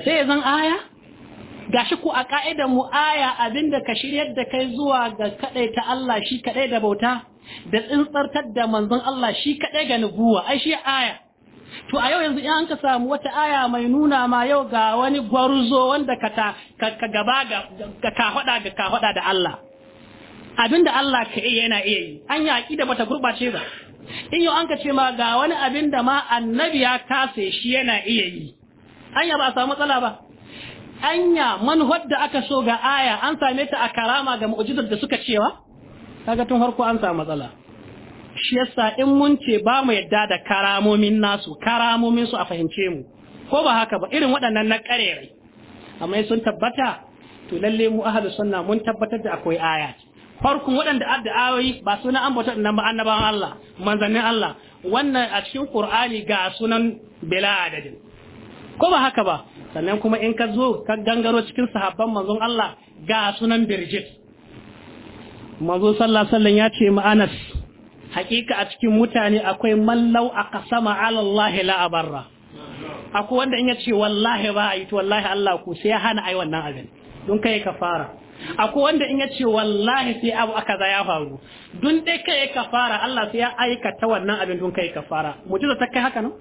sai ya zan aya gashi ku a ka'idar mu aya abinda ka shiryar da kai zuwa ga kadai ta Allah shi kadai da bauta da tsintsartar da manzon Allah shi kadai ga nubuwa ai shi aya to a yau yanzu in an ka samu wata aya mai nuna ma yau ga wani gwarzo wanda ka ta ka gaba ga ka hada ga ka hada da Allah abinda Allah ka iya yana iya yi an ya da bata gurbace ba in yau an ka ce ma ga wani abinda ma annabi ya kase shi yana iya yi an ba a samu matsala ba anya manhwar da aka so ga aya an same ta a karama ga mu'jizar da suka cewa kaga tun harko an samu matsala shi yasa in mun ce ba mu yadda da karamomin nasu karamomin su a fahimce mu ko ba haka ba irin waɗannan na ƙarere amma sun tabbata to lalle mu ahlu sunna mun tabbatar da akwai aya farkon waɗanda adda ayoyi ba sunan ambata nan ba annabawan Allah manzannin Allah wannan a cikin Qur'ani ga sunan bila adadin ko ba haka ba sannan kuma in ka zo ka gangaro cikin sahabban manzon Allah ga sunan Birjit manzo sallallahu alaihi ya ce ma Anas hakika a cikin mutane akwai mallau aqsama ala Allah la abarra akwai wanda in yace wallahi ba a yi to wallahi Allah ku sai ya hana ai wannan abin don kai kafara akwai wanda in yace wallahi sai abu aka za ya faru don dai kai kafara Allah sai ya aikata wannan abin don kai kafara mujiza ta kai haka no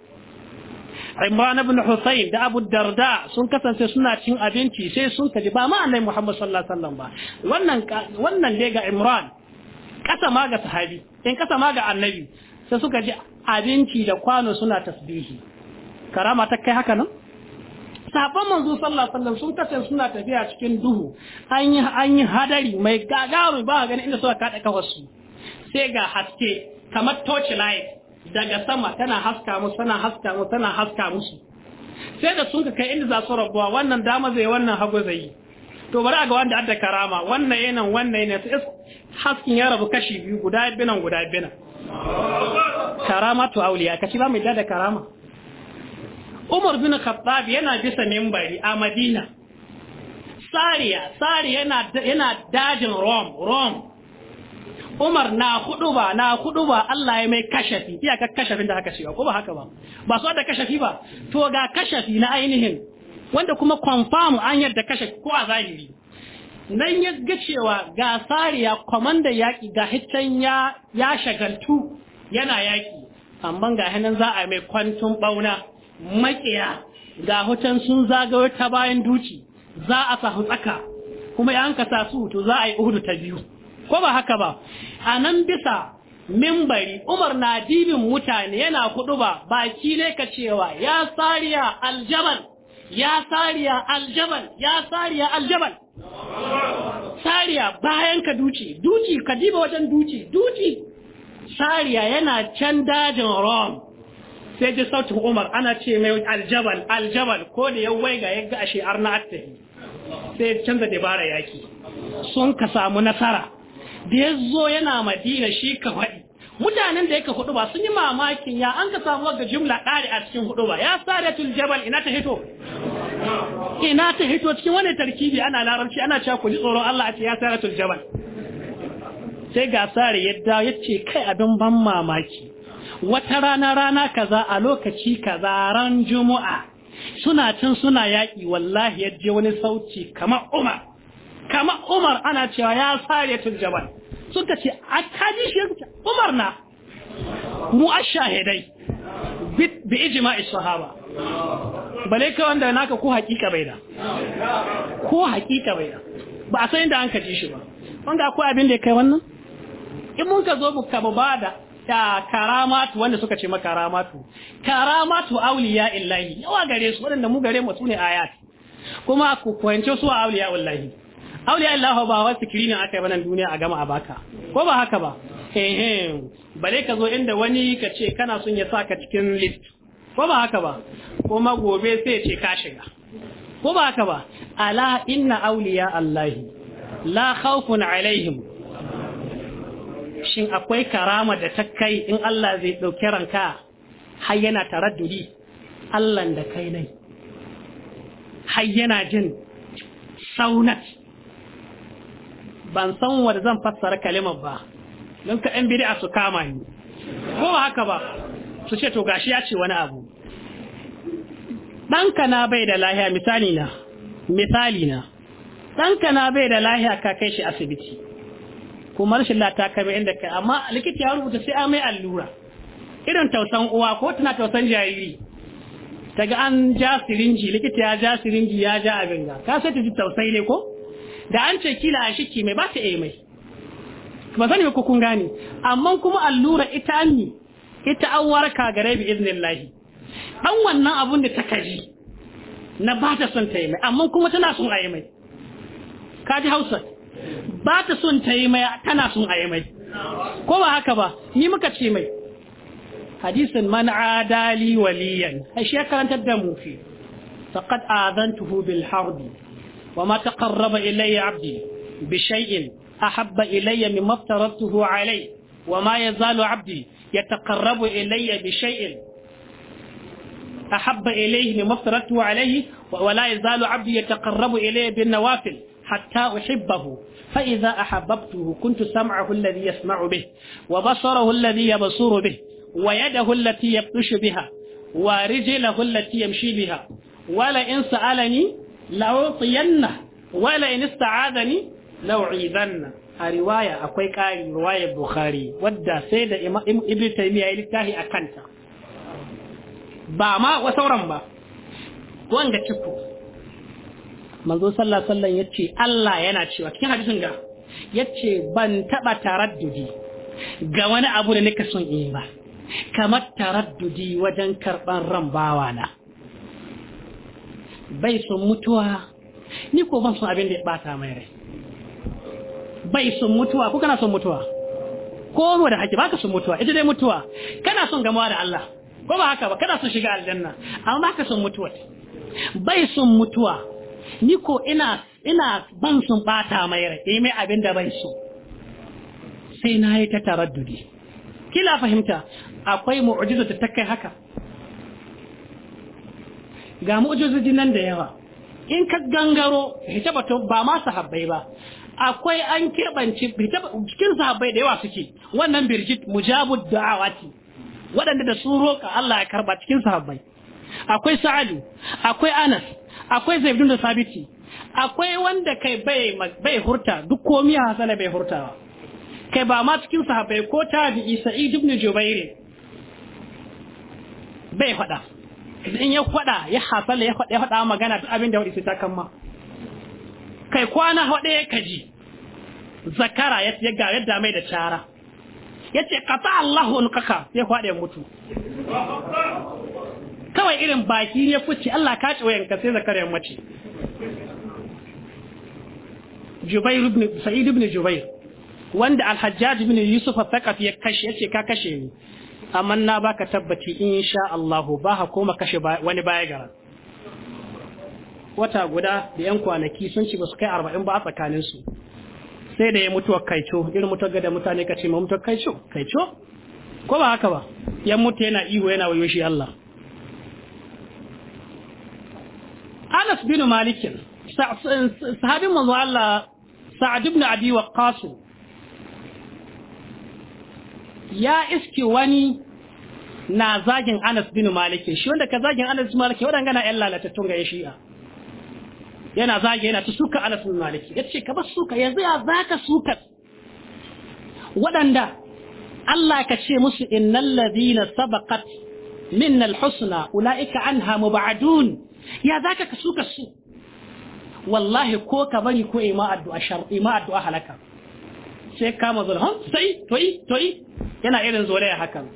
Imran ibn Husayn da Abu Darda sun kasance suna cin abinci sai sun kaji ba ma Annabi Muhammad sallallahu alaihi wasallam ba wannan wannan dai ga Imran kasa ma ga sahabi in kasa ma ga Annabi sai suka ji abinci da kwano suna tasbihi karama ta kai haka nan sabon manzo sallallahu alaihi wasallam sun kasance suna tafiya cikin duhu an yi an yi hadari mai gagaru ba ga inda suka kada kawarsu sai ga haske kamar torch light daga sama tana haska musu tana haska musu tana haska musu sai da sun kai inda za su rabuwa wannan dama zai wannan hagu zai to bari a ga wanda adda karama wannan yanan wannan yana sai haskin ya rabu kashi biyu guda binan guda binan karama to auliya kashi ba mai da karama Umar bin Khattab yana bisa mimbari a Madina Sariya Sariya yana yana dajin Rome Rome Umar na hudu ba na hudu ba Allah ya mai kashafi iyaka kashafin da aka cewa ko ba haka ba ba su da kashafi ba to ga kashafi na ainihin wanda kuma confirm an yadda kashafi ko a zahiri nan ya ga cewa ga sariya komanda yaki ga hitan ya ya shagaltu yana yaki amma ga hanan za a mai kwantun bauna makiya ga hutan sun zagayo ta bayan duci za a sahu tsaka kuma yanka sa su to za a yi uhudu ta biyu ko ba haka ba a nan bisa mimbari umar na dibin mutane yana kudu ba baki ne ka cewa ya sariya aljabal ya sariya aljabal ya sariya aljabal sariya bayan ka duci duci ka diba wajen duci duci sariya yana can dajin rom sai ji sautin umar ana ce mai aljabal aljabal ko da ya waiga ya ga ashe arna attahi sai canza dabara yaki sun ka samu nasara da ya zo yana madina shi ka faɗi mutanen da yake hudu ba sun yi mamakin ya an ka samu ga jumla ɗari a cikin hudu ba ya sadatul jabal ina ta hito ina ta hito cikin wani tarkibi ana larabci ana cewa ku ji tsoron Allah a ce ya sadatul jabal sai ga sare yadda ya ce kai abin ban mamaki wata rana rana kaza a lokaci kaza ran juma'a suna cin suna yaƙi wallahi ya je wani sauci kamar umar kama Umar ana cewa ya sare jabal suka ce a kaji shi Umar na mu ashahidai bi ijma'i sahaba bale ka wanda naka ko hakika bai da ko hakika bai da ba a san inda an kaji shi ba wanda akwai abin da ya kai wannan in mun ka zo mu ka ba da karamatu wanda suka ce maka karamatu auliya illahi yawa gare su waɗanda mu gare mu sune ayat kuma ku koyance su auliya illahi auliya Allah ba wa sikiri ne aka yi banan duniya a gama a baka ko ba haka ba eh bare ka zo inda wani ka ce kana son ya ka cikin list ko ba haka ba kuma gobe sai ce ka shiga ko ba haka ba ala inna auliya Allah la khawfun alaihim shin akwai karama da ta kai in Allah zai dauke ranka har yana taraddudi Allah da kai nai har yana jin saunat ban san wanda zan fassara kalimar ba don ka ɗan bid'a su kama ni ko haka ba su ce to gashi ya ce wani abu ɗanka na bai da lahiya misali na misali na ɗanka na bai da lahiya ka kai shi asibiti kuma rashin lata ka kai inda kai amma likita ya rubuta sai an mai allura irin tausan uwa ko tana tausan jariri daga an ja sirinji likita ya ja sirinji ya ja abin ga ka sai ta ji tausai ne ko da an ce kila a shiki mai ba ta iya mai ba zan yi kukun gane amma kuma allura ita an yi ita an warka gare bi lahi an wannan abun da ta kaji na ba ta son ta yi mai amma kuma tana son a yi mai ka ji hausa ba ta son ta yi mai tana son a yi mai ko ba haka ba ni muka ce mai hadisin man adali waliyan ai shi ya karantar da mufi fi faqad adantuhu bil harbi وما تقرب إلي عبدي بشيء أحب إلي مما افترضته عليه وما يزال عبدي يتقرب إلي بشيء أحب إليه مما افترضته عليه ولا يزال عبدي يتقرب إلي بالنوافل حتى أحبه فإذا أحببته كنت سمعه الذي يسمع به وبصره الذي يبصر به ويده التي يبطش بها ورجله التي يمشي بها ولئن سألني la'utiyanna wala in ista'adani la'u'idanna a riwaya akwai ƙari riwaya bukhari wadda sai da ibn taymiya ya littafi a kanta ba ma wa sauran ba wanga ciko manzo sallallahu alaihi ya ce Allah yana cewa cikin hadisin ga Ya ce ban taɓa taraddudi ga wani abu da nika son yi ba kamar taraddudi wajen karban ran bawana bai son mutuwa ni ko ban son abin da ya bata mai rai bai son mutuwa ko kana son mutuwa ko ruwa da haki baka son mutuwa ita dai mutuwa kana son gamawa da Allah ko ba haka ba kana son shiga aljanna amma ka son mutuwa bai son mutuwa ni ko ina ina ban son bata mai rai eh, mai abin da bai so sai na yi ta taraddudi kila fahimta akwai mu'jizatu ta kai haka ga mu'jizoji nan da yawa in ka gangaro hitaba to ba ma sahabbai ba akwai an keɓance cikin sahabbai da yawa suke wannan birjit mujabu da'awati waɗanda da sun roƙa Allah ya karba cikin sahabbai akwai sa'adu akwai anas akwai zaidun da sabiti akwai wanda kai bai hurta duk komi hasana bai hurtawa kai ba ma cikin sahabbai ko tabi'i sa'id ibn jubairi bai faɗa in ya faɗa ya hasala ya faɗa ya faɗa magana duk abin da ya sai ta kamma kai kwana hode ya kaji zakara ya ga yadda mai da Ya ce qata Allahu kaka ya faɗa mutu kawai irin baki ya fuce Allah ka ci wayanka sai zakara ya mace Jubair ibn Sa'id ibn Jubair wanda Al-Hajjaj ibn Yusuf al-Thaqafi ya kashe ce ka kashe ni amma na baka tabbaci insha Allah ba ha koma kashe wani baya gara wata guda da yan kwanaki sun ci basu kai arba'in ba a tsakanin su sai da ya mutuwa kaico irin mutar gada mutane ka ce ma mutuwar kaico kaico ko ba haka ba yan mutu yana ihu yana wayo shi Allah Anas bin Malik sahabin manzo Allah Sa'ad ibn Abi Waqqas ya iske wani na zagin Anas bin Malik shi wanda ka zagin Anas bin Malik wadanga na ƴan lalatattun ga shi'a yana zage yana ta suka Anas bin Malik yace ka bar suka yanzu ya zaka suka wadanda Allah ka ce musu innal ladina sabaqat minna alhusna ulaika anha mubadun ya zaka ka suka su wallahi ko ka bari ko ima addu'a shar ima addu'a halaka sai kama zuwa sai toyi toyi yana irin zoraya hakan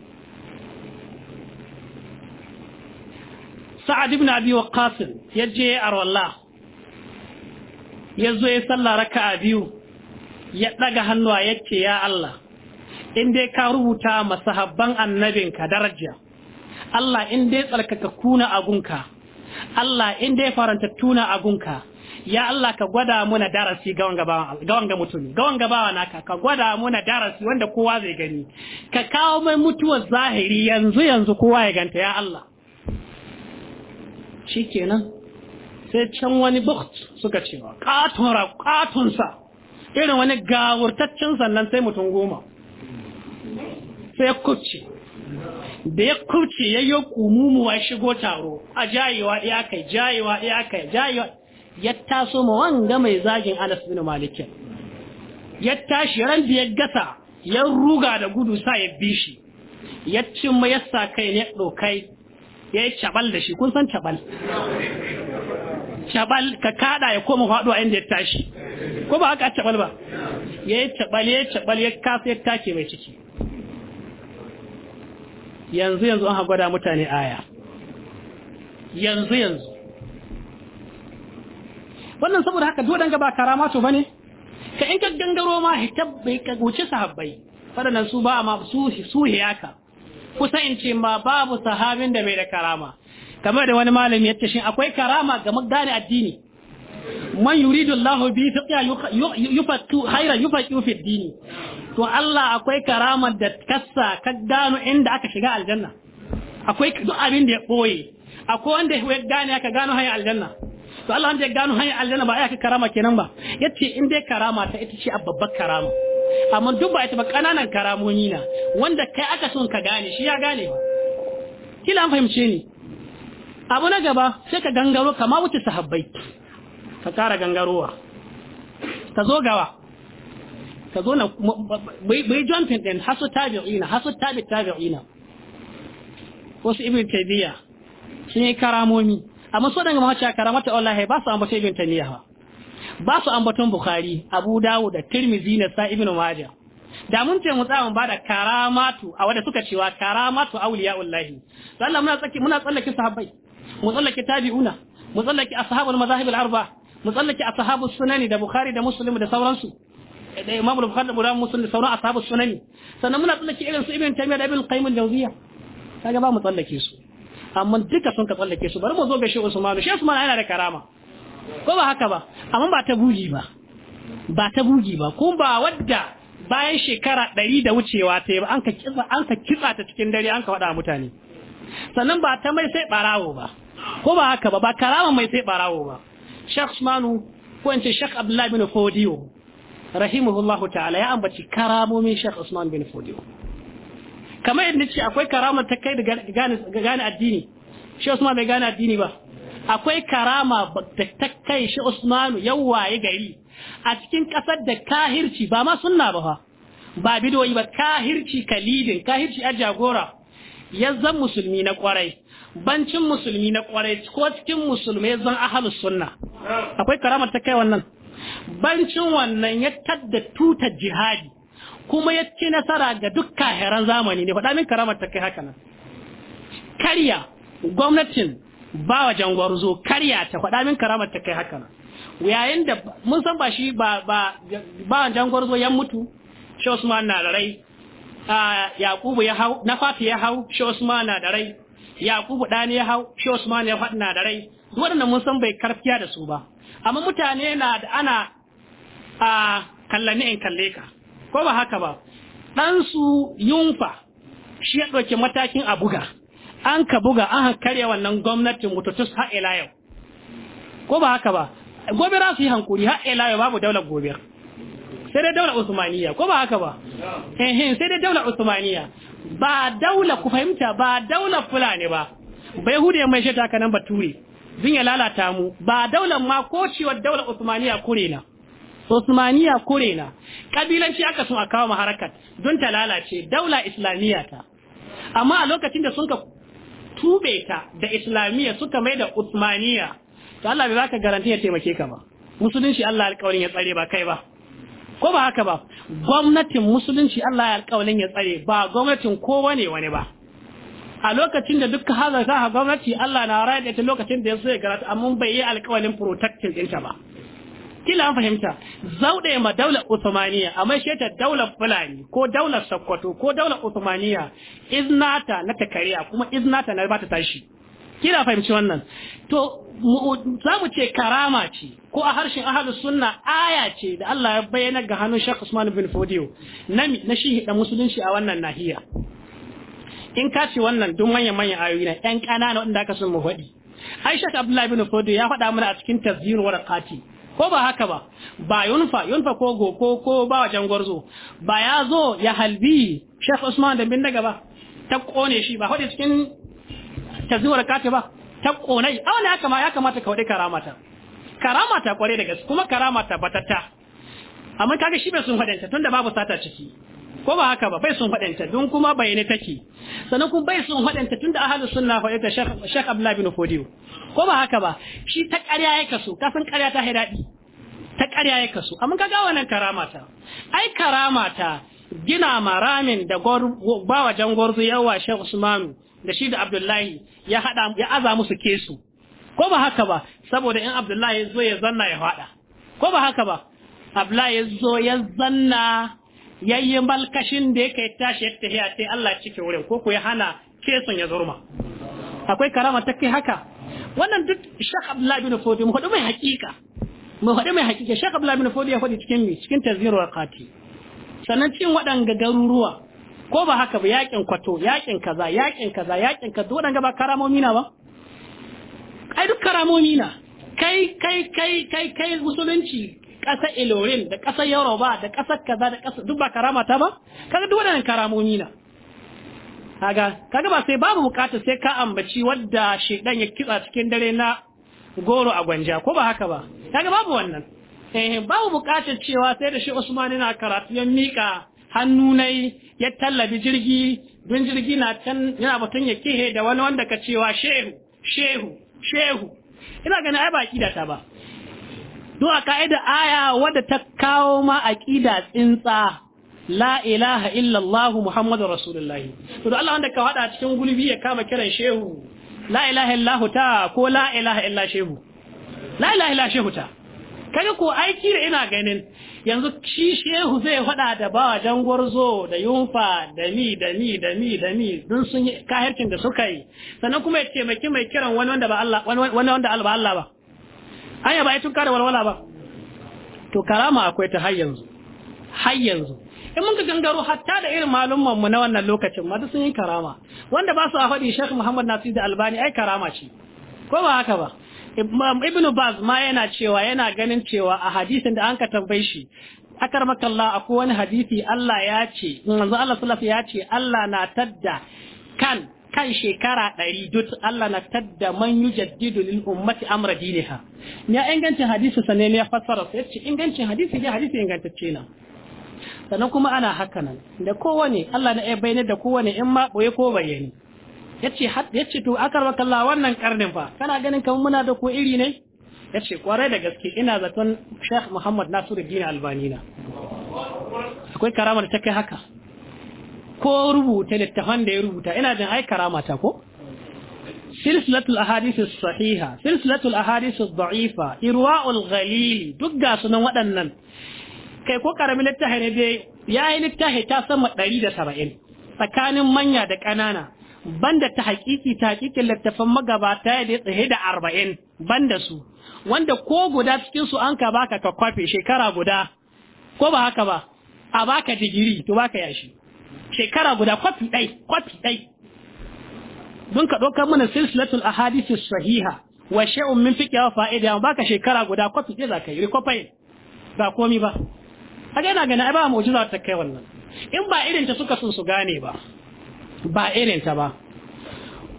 sa'ad ibn abi waqqas ya je arwalla ya zo ya salla a biyu ya daga hannuwa yace ya Allah in dai ka rubuta masahabban annabinka daraja Allah in dai tsarkaka kuna agunka Allah in dai faranta tuna agunka ya Allah ka gwada muna darasi ga wanga ga wanga mutumi ga wanga bawa naka ka gwada muna darasi wanda kowa zai gani ka kawo mai mutuwar zahiri yanzu yanzu kowa ya ganta ya Allah Shi kenan sai can wani bukht suka cewa, katon katonsa irin wani gawurtaccen sannan sai mutum goma sai kuce da ya kurce ya yi kumumuwa shigo taro a jayewa iyakai jayewa iyakai jayewa ya taso ma wanga mai zagin Anas bin Malik ya tashi ran da ya gasa ya ruga da gudu sa ya bi shi ya cin ma yasa kai ne dokai ya yi cabal da shi kun san cabal cabal ka kada ya koma faduwa inda ya tashi ko ba haka cabal ba ya yi cabal ya cabal ya kasa ya take mai ciki yanzu yanzu an gwada mutane aya yanzu yanzu wannan saboda haka dole ga ba to bane ka in ka gangaro ma bai ka goce sahabbai fadannan su ba ma su su hiyaka kusa in ce ma babu sahabin da bai da karama kamar da wani malami yace shin akwai karama ga magani addini man yuridu Allah bi fiqa yufatu khairan yufatu fi dini to Allah akwai karama da kassa ka gano inda aka shiga aljanna akwai duk abin da ya boye akwai wanda ya gane aka gano hayar aljanna to Allah an ya gano hanyar aljanna ba aka karama kenan ba yace in dai karama ta ita ce babbar karama amma duk ba ita ba kananan karamomi na wanda kai aka son ka gane shi ya gane ba kila an fahimce ni abu na gaba sai ka gangaro kama wuce sahabbai ka kara gangarowa ka zo gawa ka zo na bai jumping din hasu tabi'ina hasu tabi tabi'ina wasu ibn taymiya sun yi karamomi amma so daga mahaciya karamata wallahi ba su ambaton ibn taymiya ba su ambaton bukhari abu dawud da tirmidhi na sa ibn majah da mun ce mu tsawon bada karamatu a wanda suka cewa karamatu awliyaullahi sallan muna tsaki muna tsallake sahabbai mu tsallake tabi'una mu tsallake ashabul mazahib al-arba mu tsallake ashabus sunani da bukhari da muslim da sauransu da imam al-bukhari da imam muslim da sauran ashabus sunani sannan muna tsallake irin su ibn taymiya da ibn qayyim al-jawziyya kaga ba mu tsallake su amma duka sun ka tsallake su bari mu zo ga shi Usman shi Usman yana da karama ko ba haka ba amma ba ta bugi ba ba ta bugi ba ko ba wadda bayan shekara ɗari da wucewa ta yi ba an ka kitsa ta cikin dare an ka faɗa mutane sannan ba ta mai sai ɓarawo ba ko ba haka ba ba karama mai sai ɓarawo ba shek Usmanu ko in ce shek abdullahi bin fodiyo rahimahullahu ta'ala ya ambaci karamomin shek usman bin fodiyo kamar yadda ce akwai karama ta kai da gane addini shi Usman bai gane addini ba akwai karama da ta kai shi Usmanu yawaye gari a cikin kasar da kahirci ba ma sunna ba ba bidoyi ba kahirci kalidin kahirci a jagora zan musulmi na kwarai bancin musulmi na kwarai ko cikin musulmi ya zan ahalus sunna akwai karama ta kai wannan bancin wannan ya tadda tutar jihadi kuma ya ci nasara ga duk kahiran zamani ne faɗa min karamar ta kai haka nan karya gwamnatin ba wa jangwarzo karya ta faɗa min karamar ta kai haka nan yayin da mun san ba shi ba wa jangwarzo ya mutu shi Usman na da rai Yakubu ya hau na fafi ya hau shi Usman na da rai Yakubu ɗani ya hau shi Usman ya faɗi na da rai waɗannan mun san bai karfiya da su ba amma mutane na da ana a kallani in kalle ka ko ba haka ba ɗansu yunfa shi ya ɗauki matakin a buga an ka buga an karya wannan gwamnatin mututus ha ila yau ko ba haka ba gobe za su yi hankuri ha ila yau babu daular gobe sai dai daular usmaniya ko ba haka ba eh sai dai daular usmaniya ba daular ku fahimta ba daular fulani ba bai hude mai shi takanan bature zin ya lalata mu ba daular ma ko ciwon daular usmaniya kure na Osmaniya na kabilanci aka sun a kawo harakat don ta lalace daula islamiyya ta amma a lokacin da sun ka tube ta da islamiyya suka mai da usmaniya to Allah bai baka garanti ya taimake ka ba musulunci Allah alƙawarin ya tsare ba kai ba ko ba haka ba gwamnatin musulunci Allah ya alƙawarin ya tsare ba gwamnatin ko wane wani ba a lokacin da duk haza za gwamnati Allah na rayar da ita lokacin da ya so ya amma bai yi alƙawarin protective ɗinta ba kila an fahimta zaude ma daula Usmaniya a shi ta daular Fulani ko daula Sokoto ko daula Usmaniya iznata na takariya kuma iznata na ba ta tashi kila fahimci wannan to za mu ce karama ce ko a harshen ahli sunna aya ce da Allah ya bayyana ga hannun Sheikh Usman bin Fodiyo na na shi da musulunci a wannan nahiya in ka ce wannan duk manyan manyan ayoyi na ƴan ƙanana wanda aka sun mu faɗi Aisha Abdullahi bin Fodiyo ya faɗa mana a cikin tafsirin warqati ko ba haka ba ba yunfa yunfa ko go ko ko ba wajen gwarzo ba ya zo ya halbi Sheikh Usman da bin daga ba ta kone shi ba hode cikin tazuwar kati ba ta kone a wani haka ma ya kamata ka wade karamata karamata kware da gaske kuma karamata batatta amma kaga shi bai sun hadanta tunda babu sata ciki ko ba haka ba bai sun faɗinta don kuma bayyane take sannan kuma bai sun faɗinta tunda ahlus sunna fa yadda Sheikh Abdullah bin Fodiyo ko ba haka ba shi ta ƙarya ya kaso ka san ƙarya ta hiradi ta ƙarya ya kaso amma ka ga wannan karamata ai karamata gina maramin da ba wajen gwarzo yawa Sheikh Usmanu da shi da Abdullahi ya hada ya aza musu kesu ko ba haka ba saboda in Abdullahi ya zo ya zanna ya faɗa ko ba haka ba Abdullahi ya zo ya zanna yayi malkashin da yake tashi ya tafiya sai Allah cike wurin ko ku ya hana keson ya zurma akwai karama ta kai haka wannan duk Sheikh Abdullah bin Fodi mu hadu mai hakika mu hadu mai hakika Sheikh Abdullah bin Fodi ya fadi cikin mi cikin tazkirul waqati sannan cin waɗanga garuruwa ko ba haka ba yakin kwato yakin kaza yakin kaza yakin kaza waɗanga ba karamomi na ba ai duk karamomi na kai kai kai kai kai musulunci ƙasa ilorin da ƙasa yoruba da ƙasa kaza da ƙasa duk ba karama ta ba kaga duk wannan karamomi na kaga kaga ba sai babu bukata sai ka ambaci wadda shedan ya kitsa cikin dare na goro a gwanja ko ba haka ba kaga babu wannan eh babu bukatar cewa sai da shi Usman yana karatu ya mika hannu nai ya tallabi jirgi don jirgi na can yana batun ya kihe da wani wanda ka cewa shehu shehu shehu ina ganin ai ba ta ba to a ka'ida aya wadda ta kawo ma aqida tsintsa la ilaha illallah muhammadu rasulullahi to da Allah wanda ka haɗa cikin gulbi ya kama kiran shehu la ilaha illahu ta ko la ilaha illa shehu la ilaha illa shehu ta kaga ko aiki da ina ganin yanzu shi shehu zai haɗa da bawa jangwarzo da yunfa da ni da ni da ni da ni dun sun yi kahircin da suka yi sannan kuma ya taimaki mai kiran wani wanda ba Allah wani wanda Allah ba Allah ba anya ba tun kare walwala ba to karama akwai ta har yanzu har yanzu in mun ka gangaro hatta da irin malumman mu na wannan lokacin ma sun yi karama wanda ba su a faɗi Sheikh Muhammad Nasir da Albani ai karama ce ko ba haka ba Ibn Baz ma yana cewa yana ganin cewa a hadisin da an ka tambaye shi akarmakallah akwai wani hadisi Allah ya ce manzo Allah sallallahu ya ce Allah na tadda kan kan shekara ɗari duk Allah na tadda man jaddidu lil ummati amra diniha ya ingancin hadisi sanne ne ya fassara sai ce ingancin hadisi ne hadisi ingantacce na sannan kuma ana haka nan da kowane Allah na ya bayyana da kowane in ma boye ko bayani yace yace to akar wakalla wannan karnin fa kana ganin kamar muna da ko iri ne yace kwarai da gaske ina zaton Sheikh Muhammad Nasiruddin Albani na akwai karamar ta kai haka ko rubuta littafan da ya rubuta ina jin ai karama ta ko silsilatul ahadith sahiha silsilatul ahadith da'ifa irwa'ul ghalil duk ga sunan waɗannan kai ko karamin littafi ne dai yayi littafi ta sama 170 tsakanin manya da ƙanana banda ta hakiki ta hakikin littafan magabata ya da tsaye da arba'in banda su wanda ko guda cikin su an ka baka ka kwafe shekara guda ko ba haka ba a baka digiri to baka yashi shekara guda kwafi ɗai kwafi ɗai don ka ɗaukar mana silsilatul ahadithu sahiha wa sha'un min fiƙe wa fa'ida ba ka shekara guda kwafi ɗai za ka yi rikwafai ba komi ba haka yana gani ai ba mu'jiza ta kai wannan in ba irin ta suka sun su gane ba ba irin ta ba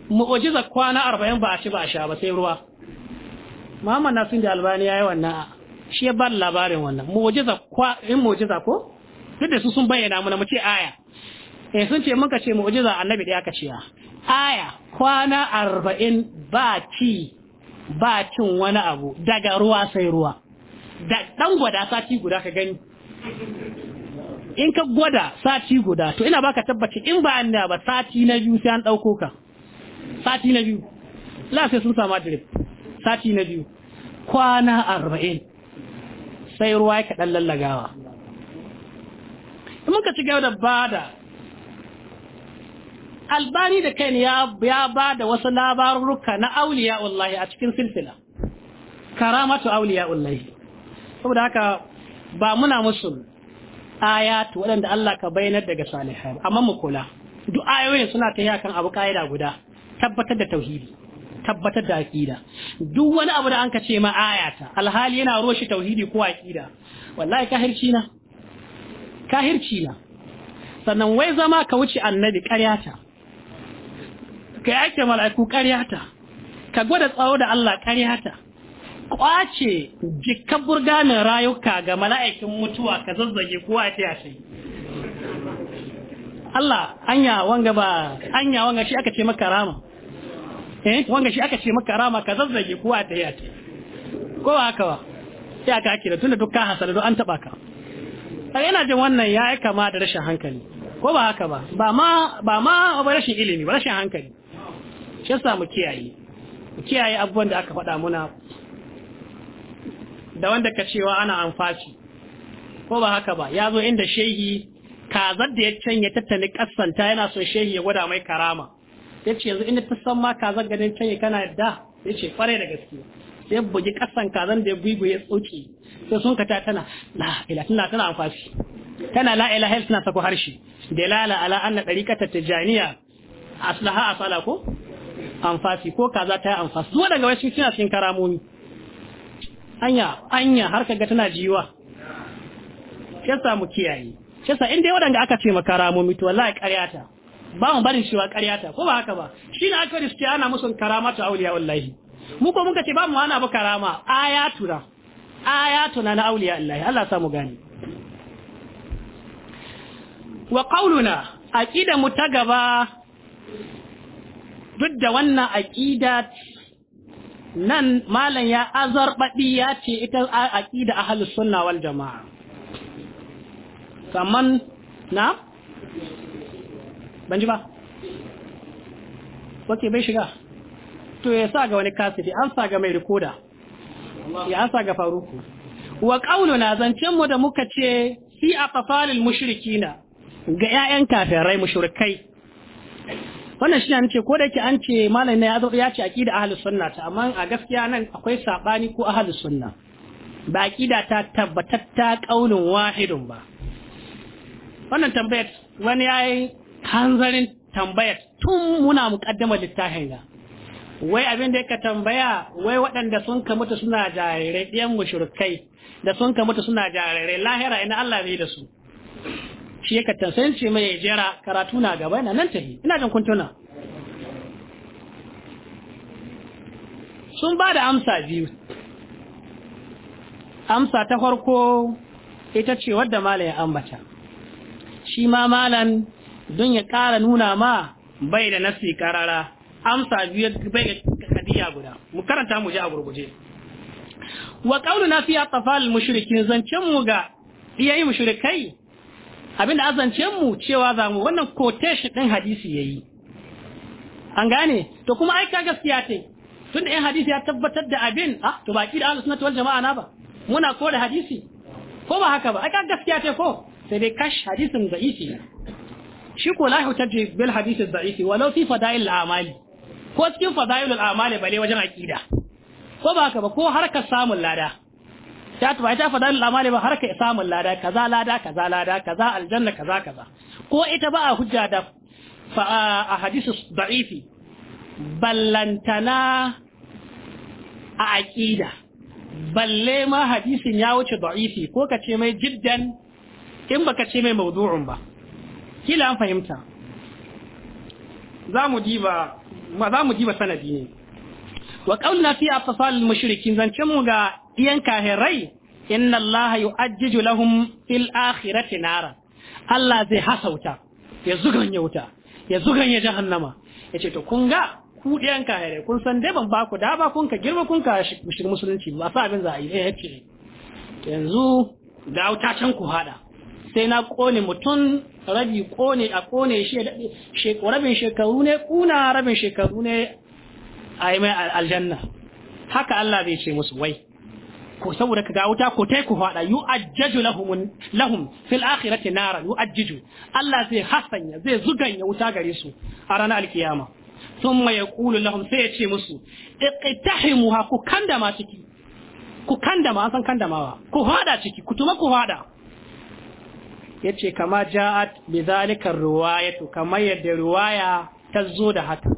mu'ujiza kwana arba'in ba a ci ba a sha ba sai ruwa Muhammad Nasir da Albani yi wannan shi ya bar labarin wannan mu'ujiza kwa in mu'ujiza ko duk da su sun bayyana mu na mu ce aya eh sun ce muka ce mu'jiza annabi da aka ce aya kwana arba'in ba ci ba cin wani abu daga ruwa sai ruwa da dan gwada sati guda ka gani in ka gwada sati guda to ina baka tabbaci in ba an ba sati na biyu sai an dauko ka sati na biyu la sai sun samu drip sati na biyu kwana arba'in sai ruwa ya kaɗan lallagawa muka ci gaba da bada albani da kai ya ya bada wasu labaruka na auliya wallahi a cikin silsila karamatu auliya wallahi saboda haka ba muna musu ayatu waɗanda Allah ka bayyana daga salihai amma mu kula duk ayoyin suna ta kan abu ka'ida guda tabbatar da tauhidi tabbatar da aqida duk wani abu da an ka ce ma ayata alhali yana roshi tauhidi ko aqida wallahi kahirci na kahirci na sannan wai zama ka wuce annabi ƙaryata ka yi ake mala'iku ƙaryata ka gwada tsawo da Allah ƙaryata kwace jikan burganin rayuka ga mala'ikin mutuwa ka zazzage kowa ta yashe Allah anya wanga ba anya wanga shi aka ce maka rama eh wanga shi aka ce maka rama ka zazzage kowa ta yashe ko haka ba sai aka akira tunda duk ka hasala don an taba ka yana jin wannan ya yi kama da rashin hankali ko ba haka ba ba ma ba rashin ilimi ba rashin hankali shi sa mu kiyaye mu kiyaye abubuwan da aka faɗa muna da wanda ka cewa ana amfaci ko ba haka ba ya zo inda shehi kazar da ya canya tattalin kasanta yana son shehi ya gwada mai karama ya ce yanzu inda ta san ma kazar ganin ya kana yadda ya ce kwarai da gaske sai bugi kasan kazan da ya tsoki sai sun kata tana la ilaha tana tana amfasi tana la ilaha tana sako harshe dalala ala anna dariqata tijaniya aslaha asala ko amfasi ko kaza ta yi amfasi zuwa daga wasu suna cikin karamomi anya anya har kaga tana jiwa yasa mu kiyaye yasa inda wadanda aka ce makaramomi to wallahi ƙaryata ba mu barin cewa ƙaryata ko ba haka ba shine aka riske ana musun karamata auliya wallahi mu ko muka ce ba mu wani abu karama ayatuna ayatuna na auliya Allah Allah sa mu gani wa qauluna aqida mu ta gaba duk da wannan aqida nan malam ya badi ya ce ita aqida ahlus sunna wal jamaa kaman na banji ba bai shiga to ya sa ga wani kasafi an sa ga mai rikoda ya sa ga faruku wa qauluna zancen mu da muka ce fi aqfalil mushrikina ga 'ya'yan kafirai mushrikai wannan shi ne ce ko da yake an ce malam ne ya ce aqida ahlus sunna ta amma a gaskiya nan akwai sabani ko ahlus sunna ba aqida ta tabbatatta qaulun wahidun ba wannan tambayar wani yayi hanzarin tambayar tun muna muqaddama littafin ga wai abin da yake tambaya wai waɗanda sun ka mutu suna jarirai ɗiyan mushurkai da sun ka mutu suna jarirai lahira ina Allah bai da su shi yake tansan shi mai jera karatu na gaba na nan tafi ina jin kuntuna sun ba da amsa biyu amsa ta farko ita ce wadda malam ya ambata shi ma malam don ya ƙara nuna ma bai da nasi ƙarara. amsa biyu bai kadiya guda mu karanta mu je a gurguje wa qauluna fi atfal mushrikin zancen mu ga iyayi mushrikai abinda azancen mu cewa za mu wannan quotation din hadisi yayi an gane to kuma ai ka gaskiya ce tunda ɗan hadisi ya tabbatar da abin ah to baki da ahlus sunnah wal jama'a na ba muna ko da hadisi ko ba haka ba ai ka gaskiya ce ko sai dai kash hadisin da'ifi shi ko la hujjatu bil hadisi da'ifi walau fi fada'il al-amali ko cikin fadailul amali bale wajen aqida ko ba ka ba ko harkar samun lada ta tuba ita fadailul amali ba harkar samun lada kaza lada kaza lada kaza aljanna kaza kaza ko ita ba a hujja da fa a hadisi da'ifi ballantana a aqida balle ma hadisin ya wuce da'ifi ko ka ce mai jiddan in baka ce mai mawdu'un ba kila an fahimta za mu diba za mu ji ba sanadi ne wa qawluna fi afsal mushrikin zancen mu ga iyan kahirai inna Allah yu'ajjiju lahum fil akhirati nara Allah zai hasauta ya zuganya wuta ya zuganya jahannama yace to kun ga ku ɗiyan kahirai kun san dai ban baku da ba kun ka girma kun ka shiga musulunci ba sa abin za a yi eh yace yanzu da wuta can ku hada sai na kone mutum rabi kone a kone shi rabin shekaru ne kuna rabin shekaru ne a yi mai aljanna haka Allah zai ce musu wai ko saboda ka ga wuta ko tai ku fada yu'ajjaju lahum lahum fil akhirati nara yu'ajjaju Allah zai hasanya zai zuganya wuta gare su a ranar alkiyama thumma yaqulu lahum sai ya ce musu iqtahimuha ku kandama ciki ku kandama an san kandamawa ku fada ciki ku tuma ku fada ya ce kama ja'at bi zalikar ruwayatu kama yadda ruwaya ta zo da haka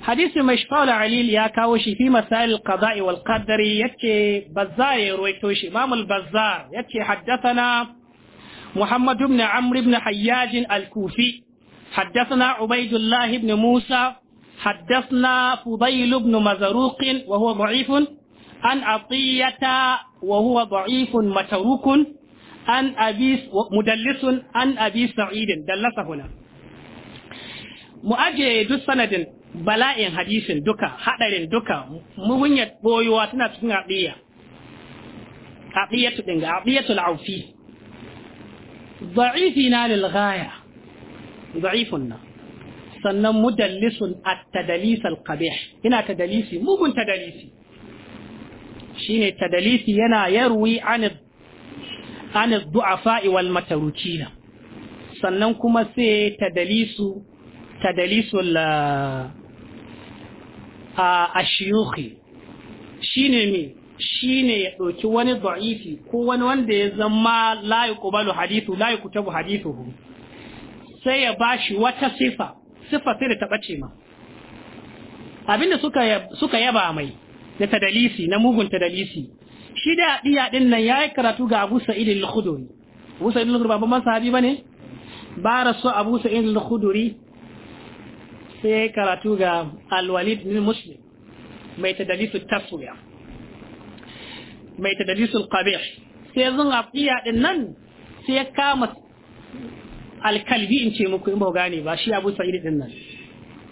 hadisi mai shafa wa ya kawo shi fi masal qada'i wal qadari yace bazzar ya ruwaito shi imam al bazzar yace haddathana muhammad ibn amr ibn hayyaj al kufi haddathana ubaidullah ibn musa haddasana fudayl ibn mazruq wa huwa an atiyata wahuwa ضعيف matarukun. an abi mudallisun an abi sa'idin dallasa huna mu aje duk sanadin bala'in hadisin duka hadarin duka muhunyar boyuwa tana cikin abiya abiyatu din ga abiyatul aufi da'ifina lil ghaya da'ifunna sannan mudallisun at-tadalis al-qabih ina tadalisi mugun tadalisi shine tadalisi yana yarwi an dua fa’i wal na. sannan kuma sai tadalisu tadalisu la a ashiyuhi shine me shine ya ɗauki wani da'ifi ko wani wanda ya zama la yuqbalu hadithu la yuktabu hadithu sai ya bashi wata sifa sifa sai da ta ma abinda suka yaba mai na tadalisi na mugun tadalisi shi da ɗiya ɗin nan yi karatu ga Abu Sa'id al khuduri Abu Sa'id al khuduri ba ban sahabi ne ba rasu Abu Sa'id al khuduri sai karatu ga Al-Walid bin Muslim mai tadalisu taswiya mai tadalisu al sai zan ɗiya ɗin nan sai ya kama alkalbi in ce muku in ba gane ba shi Abu Sa'id din nan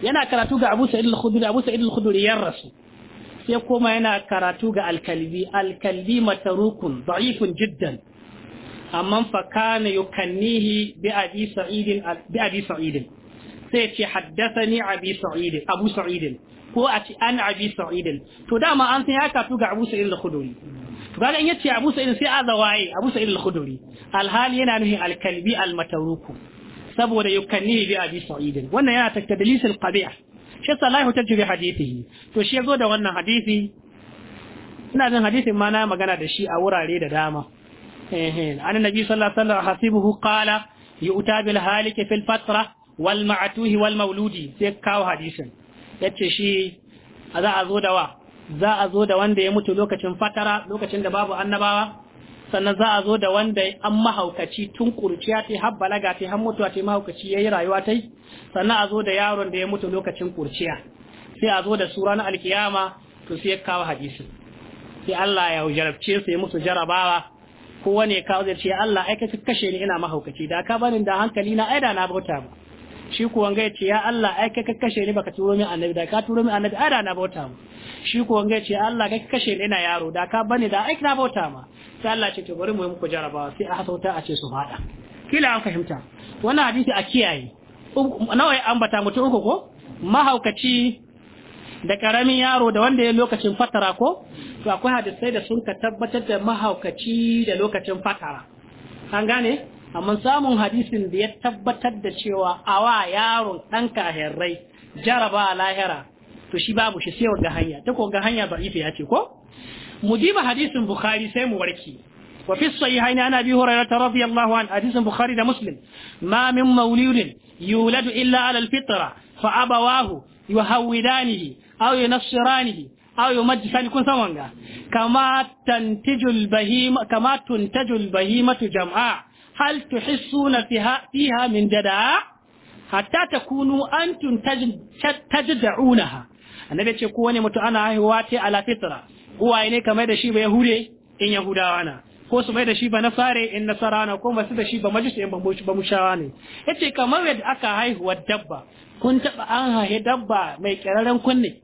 yana karatu ga Abu Sa'id al khuduri Abu Sa'id al ya rasu ya koma yana karatu ga alkalbi alkalbi matarukun da'ifun jiddan amma fa kana yukannihi bi abi sa'idin bi abi sa'idin sai ce haddathani abi sa'idin abu sa'idin ko a ce an abi sa'idin to dama an san ya karatu ga abu sa'idin al-khuduri to kaga in yace abu sa'idin sai azawaye abu sa'idin al-khuduri alhali yana nufin alkalbi al-mataruku saboda yukannihi bi abi sa'idin wannan yana takdalisul qabih shi sa ta yuhtaju bi to shi yazo da wannan hadisi ina jin hadisin ma na magana da shi a wurare da dama eh eh annabi sallallahu alaihi wasallam hasibuhu qala yu'ta bil halik fil fatra wal ma'tuhi wal mauludi sai kawo hadisin yace shi za a zo da wa za a zo da wanda ya mutu lokacin fatara lokacin da babu annabawa sannan za a zo da wanda an mahaukaci tun kurciya ta har balaga ta har mutuwa ta mahaukaci ya yi rayuwa ta sannan a zo da yaron da ya mutu lokacin kurciya sai a zo da su ranar alkiyama to sai ya kawo hadisi sai Allah ya jarabce su ya musu jarabawa ko wani kawo zai ce Allah ai ka kashe ni ina mahaukaci da ka bani da hankali na aida na bauta ba shi kuwa ga ya ce ya Allah ai ka kashe ni baka turo min annabi da ka turo min annabi aida na bauta ba shi ko wanga ce Allah ga kashe ina yaro da ka bani da aiki na bauta ma sai Allah ce to bari mu yi muku jarabawa sai a hasauta a ce su fada kila an fahimta wannan hadisi a kiyaye nawa an bata mutum uku ko mahaukaci da karamin yaro da wanda ya lokacin fatara ko to akwai hadisai da sun ka tabbatar da mahaukaci da lokacin fatara an gane amma samun hadisin da ya tabbatar da cewa awa yaron ɗan kahirrai jaraba lahira to shi babu shi sai wanda hanya ta ko ga hanya ba ife ya ko mudiba hadisin bukhari sai mu warki wa fi sahihain ana bi hurairah radiyallahu an hadisin bukhari da muslim ma min maulidin yuladu illa ala alfitra fa abawahu yuhawidanihi aw yunassiranihi aw yumajjisani kun san wanga kama tantijul bahima kama tuntajul bahimatu jam'a hal tuhissuna fiha fiha min jada'a hatta takunu antum tajda'unaha annabi ce kowane mutu ana haihuwa ta ala fitra uwaye ne kamar da shi ba yahude in yahudawa na ko su mai da shi ba nasare in nasara na ko masu da shi ba majusi in ba mushawa ne yace kamar yadda aka haihuwar dabba kun taba an haihe dabba mai kiraren kunne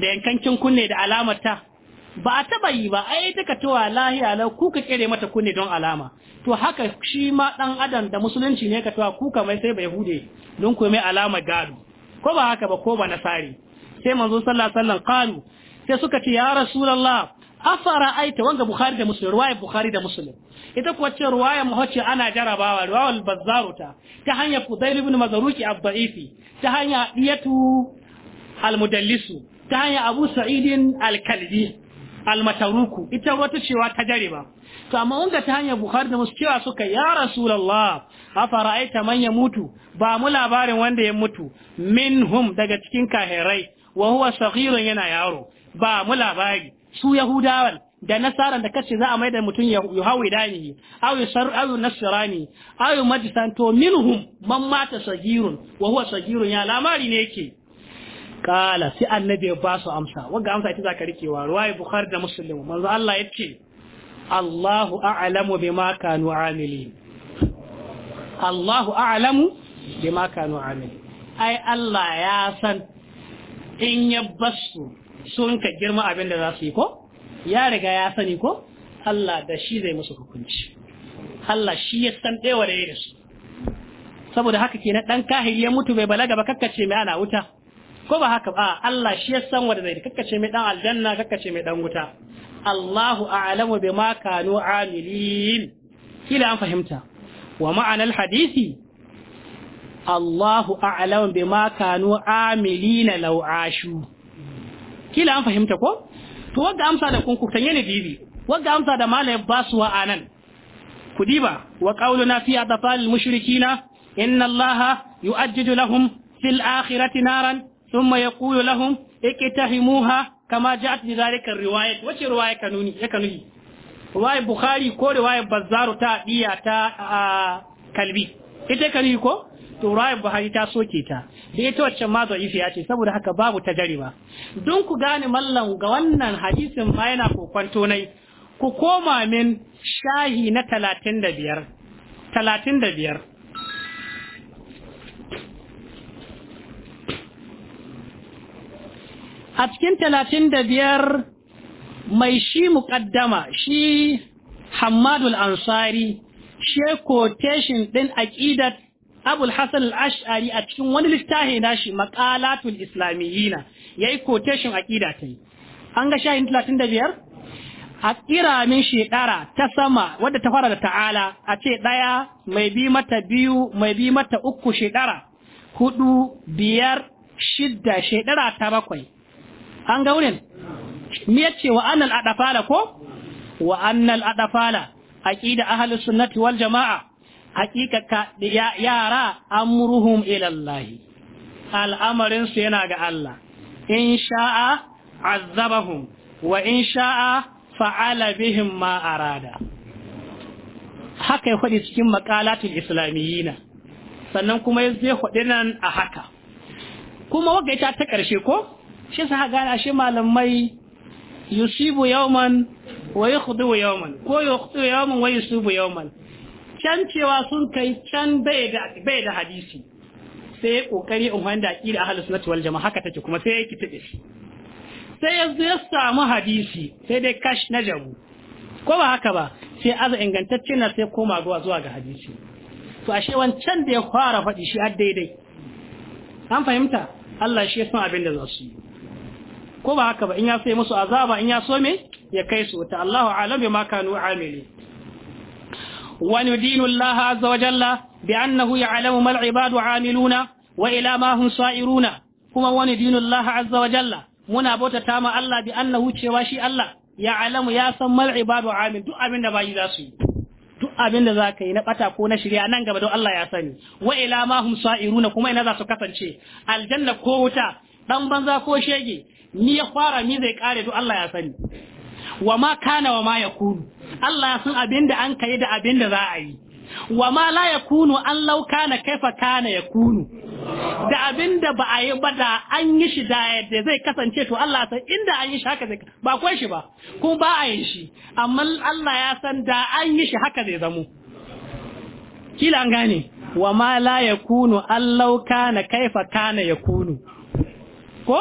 da yankankin kunne da alamar ta ba a taba yi ba ai ta ka tawa lahiya lau ku ka kere mata kunne don alama to haka shi ma dan adam da musulunci ne ka tawa ku kamar sai ba yahude don ku mai alama gado ko ba haka ba ko ba nasari sai manzo sallallahu alaihi wasallam sai suka ce ya rasulullah afara aita wanga bukhari da muslim ruwaya bukhari da muslim ita kuwa ce ruwaya muhacci ana jarabawa ruwayar bazzaruta ta hanya fudail ibn mazaruki abdaifi ta hanya diyatu almudallisu ta hanya abu sa'idin al almataruku ita wata cewa ta jariba. to amma wanda ta hanya bukhari da muslim cewa suka ya rasulullah afara aita man ya mutu ba mu labarin wanda ya mutu minhum daga cikin kahirai wa huwa saghirun yana yaro ba mu labari su yahudawan da nasaran da kace za a maida mutum ya hawi dani aw yusar aw nasrani aw majisan to minhum man mata sagirun wa huwa sagirun ya lamari ne yake kala sai annabi ya ba su amsa wanda amsa ita zaka rikewa ruwayi bukhari da muslim manzo Allah yace Allahu a'lamu bima kanu amilin Allahu a'lamu bima kanu amilin ai Allah ya san in ya basu sun ka girma abin da za su yi ko ya riga ya sani ko Allah da shi zai musu hukunci Allah shi ya san ɗewa da ya su saboda haka ke na ɗan kahiri ya mutu bai balaga ba kakkace mai ana wuta ko ba haka ba Allah shi ya san wanda zai kakkace mai ɗan aljanna kakkace mai ɗan wuta Allahu a'lamu bima kanu amilin kila an fahimta wa ma'anar hadisi Allahu a'lam bima kanu amilina law ashu kila an fahimta ko to wanda amsa da kun kuktanye ne dibi wanda amsa da malai basuwa anan ku diba wa qauluna fi adfal mushrikina inna allaha yu'ajjidu lahum fil akhirati naran lahun. yaqulu ta himuha kama ja'at bi zalika riwayat wace riwaya kanuni ya kanuni riwayat bukhari ko riwayat bazzaru ta diya ta kalbi ita kanuni ko to ruwayar buhari ta soke ta da ita wacce ma ya ce saboda haka babu ta dare ba don ku gane mallan ga wannan hadisin ma yana kokwanto nai ku koma min shahi na talatin da biyar talatin da biyar a cikin talatin da biyar mai shi muƙaddama shi hamadul ansari shekotashin ɗin aƙidat abul hasan al-ash'ari a cikin wani littafi nashi maqalatul islamiyina yayi quotation aqida ta yi an ga shayin 35 a kira min shekara ta sama wadda ta fara da ta'ala a ce daya mai bi mata biyu mai bi mata uku shekara hudu biyar shidda shekara ta bakwai an ga wurin me yace wa annal adafala ko wa annal adafala aqida ahlus sunnati wal jamaa hakika yara amruhum ilallahi Allah al'amarin su yana ga Allah in sha'a azabahum wa in sha'a fa'ala bihim ma arada haka ya faɗi cikin maqalatul islamiyina sannan kuma ya zai faɗi nan a haka kuma waga ita ta ƙarshe ko shi sa gana shi malamai yusibu yawman wa yakhdu yawman ko yakhdu yawman wa yusibu yawman can cewa sun kai can bai da hadisi sai kokari in wanda aqida ahlus sunnati wal jamaa haka take kuma sai yake tabe shi sai ya zo ya samu hadisi sai dai kash na jabu ko ba haka ba sai aza ingantacce na sai koma zuwa zuwa ga hadisi to ashe wancan da ya fara faɗi shi har daidai an fahimta Allah shi ya san abin da za su yi ko ba haka ba in ya sai musu azaba in ya so me ya kai su ta Allahu alam ma kanu amili وندين الله عز وجل بأنه يعلم ما العباد عاملون وإلى ما هم صائرون كما وندين الله عز وجل muna bautata ma Allah bi annahu cewa shi Allah ya alamu ya san mal ibadu amin duk abin da za su yi na bata ko na shirya nan gaba don Allah ya sani wa ila ma hum sa'iruna kuma ina za su kasance aljanna ko wuta dan banza ko shege ni ya fara ni zai kare duk Allah ya sani wa ma kana wa ma yakunu Allah ya san abinda an kai da abinda za a yi wa ma la yakunu an law kana kaifa kana yakunu da abinda ba a yi ba da an yi shi da yadda zai kasance to Allah san inda an yi shi haka zai ba kwai shi ba kuma ba a yi shi amma Allah ya san da an yi shi haka zai zamo kila an gane wa ma la yakunu an law kana kaifa kana yakunu ko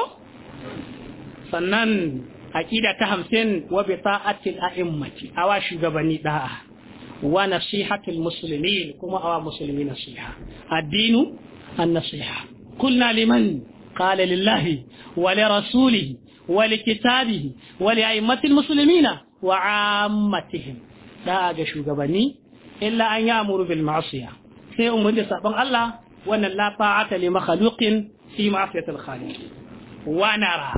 sannan aqida ta hamsin wa bi ta'atil a'immati awa shugabanni da'a wa nasihatil muslimin kuma awa musulmi nasiha addinu an-nasiha kulna liman qala lillahi wa li rasulihi wa li kitabihi wa li a'immatil muslimina wa 'ammatihim da'a ga shugabanni illa an ya'muru bil ma'siyah sai umarni da sabon Allah wannan la fa'ata li makhluqin fi ma'siyatil khaliq wa nara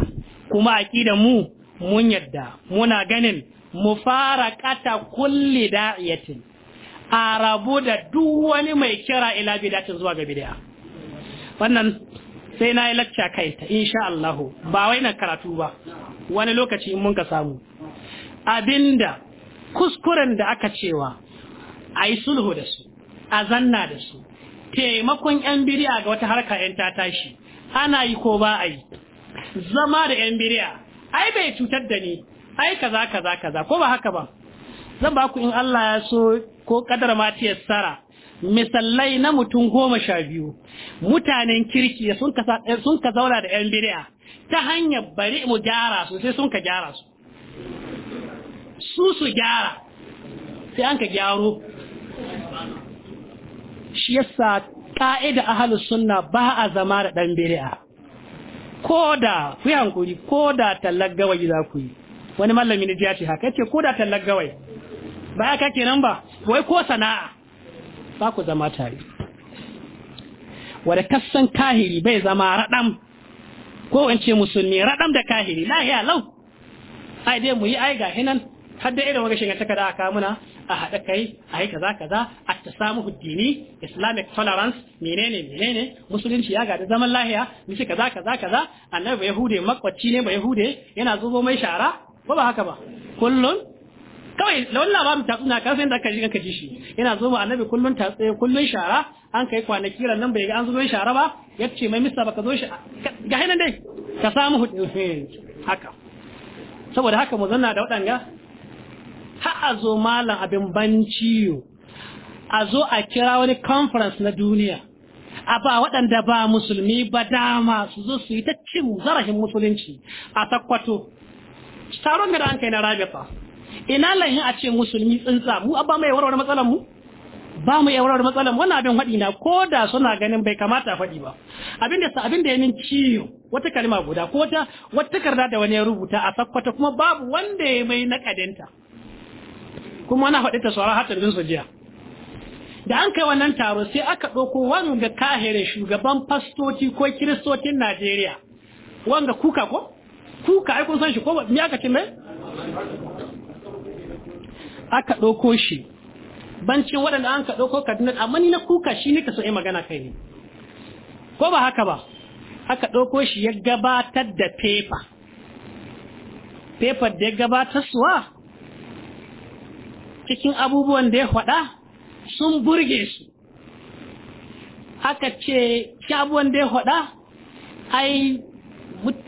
kuma aqidan mu mun yadda muna ganin mu fara kata kulli da'iyatin a rabu da duk wani mai kira ila bidatin zuwa ga bid'a wannan sai na yi lacca kai ta insha Allah ba wai na karatu ba wani lokaci in mun ka samu abinda kuskuren da aka cewa a yi sulhu da su a zanna da su taimakon yan bid'a ga wata harka yan ta tashi ana yi ko ba a yi zama da yan bid'a ai bai cutar da ni ai kaza kaza kaza ko ba haka ba zan ba ku in Allah ya so ko kadar ma ta yassara misallai na mutum goma sha biyu mutanen kirki sun ka sun ka zauna da yan bid'a ta hanyar bari mu gyara su sai sun ka gyara su su su gyara sai an ka gyaro shi yasa ka'ida ahlus sunna ba a zama da ɗan bid'a ko da ku yi hankuri ko da tallagawai za ku yi wani mallami ne ya ce haka yake ko da tallagawai ba kake nan ba wai ko sana'a ba ku zama tare wadda kasan kahiri bai zama raɗam ko wance musulmi raɗam da kahiri lahiya lau ai dai mu yi ai ga hinan har da irin wani shiga takarda a kamuna. a haɗa kai a yi kaza kaza a ta samu hudini islamic tolerance menene menene musulunci ya gada zaman lahiya misi kaza kaza kaza annabi ba yahude makwacci ne ba yahude yana zubo mai shara ko ba haka ba kullun kawai da wannan labarin tatsuna ka san da ka ji ka ji shi yana zo ma annabi kullun tatsaye kullun shara an kai kwanaki ran nan bai ga an zubo shara ba yace mai misa baka zo shi ga hinan dai ka samu hudini haka saboda haka mu zanna da waɗanga ka a zo malam abin ban ciyo a zo a kira wani conference na duniya a ba waɗanda ba musulmi ba dama su zo su yi ta cin zarafin musulunci a takwato taron da ranka kai na fa. ina lahi a ce musulmi tsinsa mu abba mai warware matsalar mu ba mu yawar matsalar wannan abin faɗi na ko da suna ganin bai kamata faɗi ba abin da abin da ya min ciwo wata kalma guda ko ta wata takarda da wani ya rubuta a sakwata kuma babu wanda ya mai nakadinta kuma na faɗi ta sauran hatar din jiya da an kai wannan taro sai aka ɗauko wanga kahere shugaban fastoci ko kiristocin najeriya wanga kuka ko kuka ai kun san shi ko me aka ce mai aka ɗauko shi bancin waɗanda an ka ɗauko kaduna amma ni na kuka shi ne ka so magana kai ne ko ba haka ba aka ɗauko shi ya gabatar da fefa Pepa da ya gabatar suwa cikin abubuwan da ya faɗa sun burge su aka ce ci abubuwan da ya faɗa ai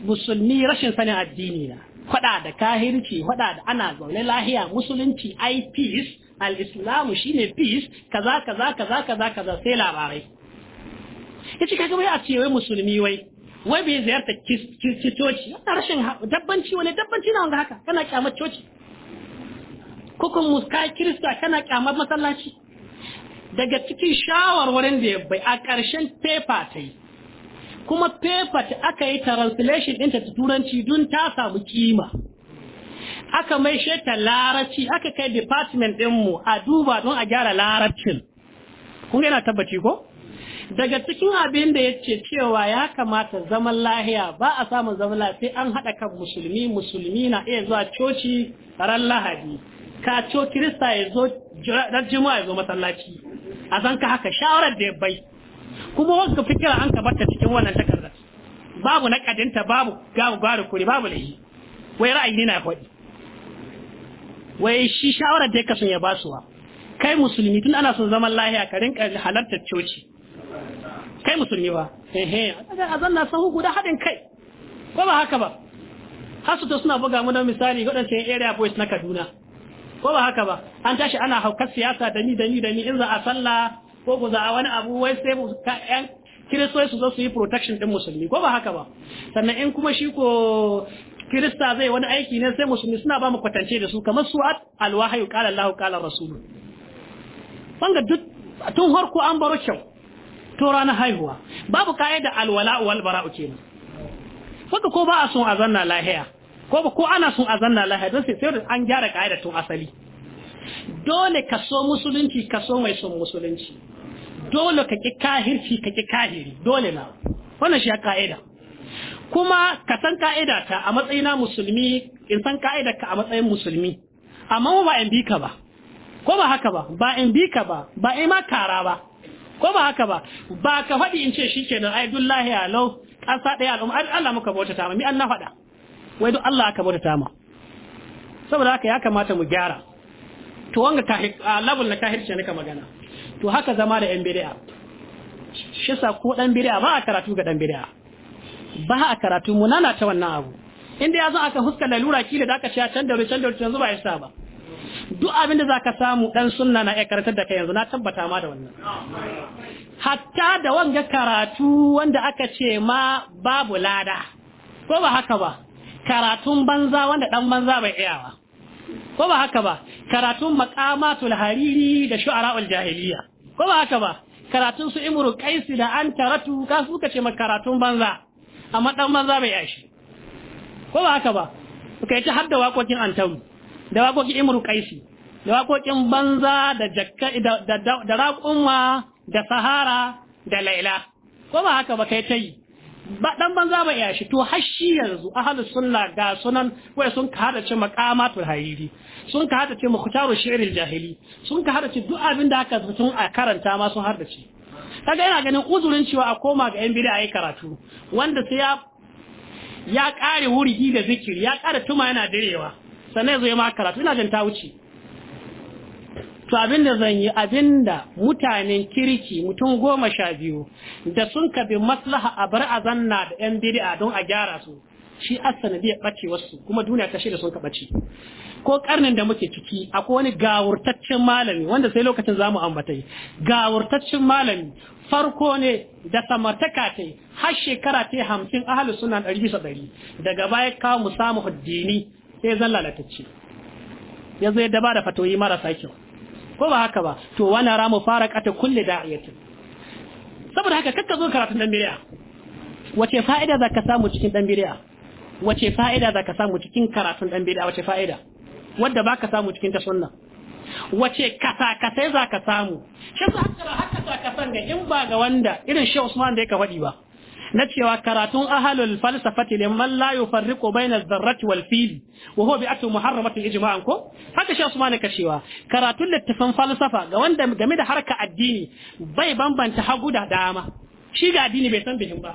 musulmi rashin sanin addini na faɗa da kahirci faɗa da ana zaune lahiya musulunci ai peace al-islamu shine peace kaza kaza kaza kaza kaza sai labarai yace kaga wai a ce wai musulmi wai wai bai ziyarta kiristoci rashin dabbanci wani dabbanci na wanga haka kana kyamar coci kuka muska kirista kana kyamar masallaci daga cikin shawarwarin da ya bai a ƙarshen pepa ta yi kuma pepa ta aka yi translation ɗinta ta turanci don ta samu kima aka mai sheta laraci aka kai department ɗinmu a duba don a gyara larabcin kun yana tabbaci ko daga cikin abin da ya ce cewa ya kamata zaman lahiya ba a samun zaman lahiya sai an haɗa kan musulmi musulmi na iya zuwa coci ran lahadi kaco kirista ya zo ran jima ya zo masallaci a san ka haka shawarar da ya bai kuma wasu fikira an ka barta cikin wannan takardar babu na kadinta babu gabu gwari kuri babu lahi wai ra'ayi na faɗi wai shi shawarar da ya kasan ya basuwa kai musulmi tun ana son zaman lahiya ka rinka halartar coci kai musulmi ba ehe a zanna sahu guda haɗin kai ko ba haka ba hasu to suna buga mu na misali waɗancan area boys na Kaduna ko ba haka ba an tashi ana haukar siyasa da ni da ni da ni in za a sallah ko ku za a wani abu wai sai yan kiristoci su zo su yi protection din musulmi ko ba haka ba sannan in kuma shi ko kirista zai wani aiki ne sai musulmi suna ba mu kwatance da su kamar su alwahayu qala Allahu qala rasulu wanda duk tun harko an baro kyau to ranar haihuwa babu ka'ida alwala wal bara'u kenan ko ko ba a son a zanna lahiya ko ba ko ana son a zanna lahiya don sai an gyara ka'ida tun asali dole ka so musulunci ka so mai son musulunci dole ka ki kahirci ka ki kahiri dole na wannan shi ya ka'ida kuma ka san ka'ida ta a matsayina musulmi in san ka'ida ka a matsayin musulmi amma ba in bi ka ba ko ba haka ba ba in bi ka ba ba in ma kara ba ko ba haka ba ba ka faɗi in ce shikenan ai dullahi alau ƙasa ɗaya al'umma Allah muka bauta ta mi an na faɗa wai duk Allah aka bauta ma saboda haka ya kamata mu gyara to wanga kahir a level na kahirce ka magana to haka zama da yan bid'a shi sa ko dan bid'a ba a karatu ga dan bid'a ba a karatu mu nana ta wannan abu inda yazo aka huska lalura ki da aka ci can da can da yanzu ba yasa ba duk abin da zaka samu dan sunna na iya karatar da kai yanzu na tabbata ma da wannan hatta da wanga karatu wanda aka ce ma babu lada ko ba haka ba karatun banza wanda dan banza bai iyawa ko ba haka ba karatun maqamatul hariri da shu'ara'ul jahiliya ko ba haka ba karatun su imru qaisi da an taratu ka suka ce karatun banza amma dan banza bai yashi ko ba haka ba kai ta hadda waƙoƙin antamu da waƙoƙin imru qaisi da waƙoƙin banza da jakka da da da, da sahara da laila ko ba haka ba kai ta yi ba dan banza ba ya shi to hashi yanzu ahlus sunna ga sunan wai sun ka hada ce maqamatul hayri sun ka hada ce mukhtaru shi'ril jahili sun ka hada ce duk abin da aka sun a karanta ma sun har da ce kaga ina ganin uzurin cewa a koma ga yan bid'a yi karatu wanda sai ya ya kare wurigi da zikiri ya kare tuma yana direwa sannan yazo ya ma karatu ina jin ta wuce to abin da zan yi abin da mutanen kirki mutum goma sha biyu da sun kabi maslaha a bar a zanna da yan bid'a don a gyara su shi asanadi ya bace wasu kuma duniya ta shirya sun ka bace ko karnin da muke ciki akwai wani gawurtaccen malami wanda sai lokacin zamu ambatai gawurtaccen malami farko ne da samartaka ta har shekara ta hamsin ahalu suna ɗari bisa ɗari daga baya kawo mu samu addini sai zan lalatacce ya zai daba da fatoyi marasa kyau ko ba haka ba to wala ra kata kulli da'iyatin saboda haka kakka zo karatun dan bid'a wace fa'ida zaka samu cikin dan bid'a wace fa'ida zaka samu cikin karatun dan bid'a wace fa'ida wanda baka samu cikin ta sunna wace kasa-kasai za ka samu shi su haka haka sa kasan ga in ba ga wanda irin shi Usman da yake fadi ba na cewa karatun ahalul falsafati liman la yufarriqu baina zarrati wal fil wa huwa atu muharramatin ijma'an ko haka shi Usman ka cewa karatun littafin falsafa ga wanda game da harka addini bai bambanta hagu da dama shi ga addini bai san bihin ba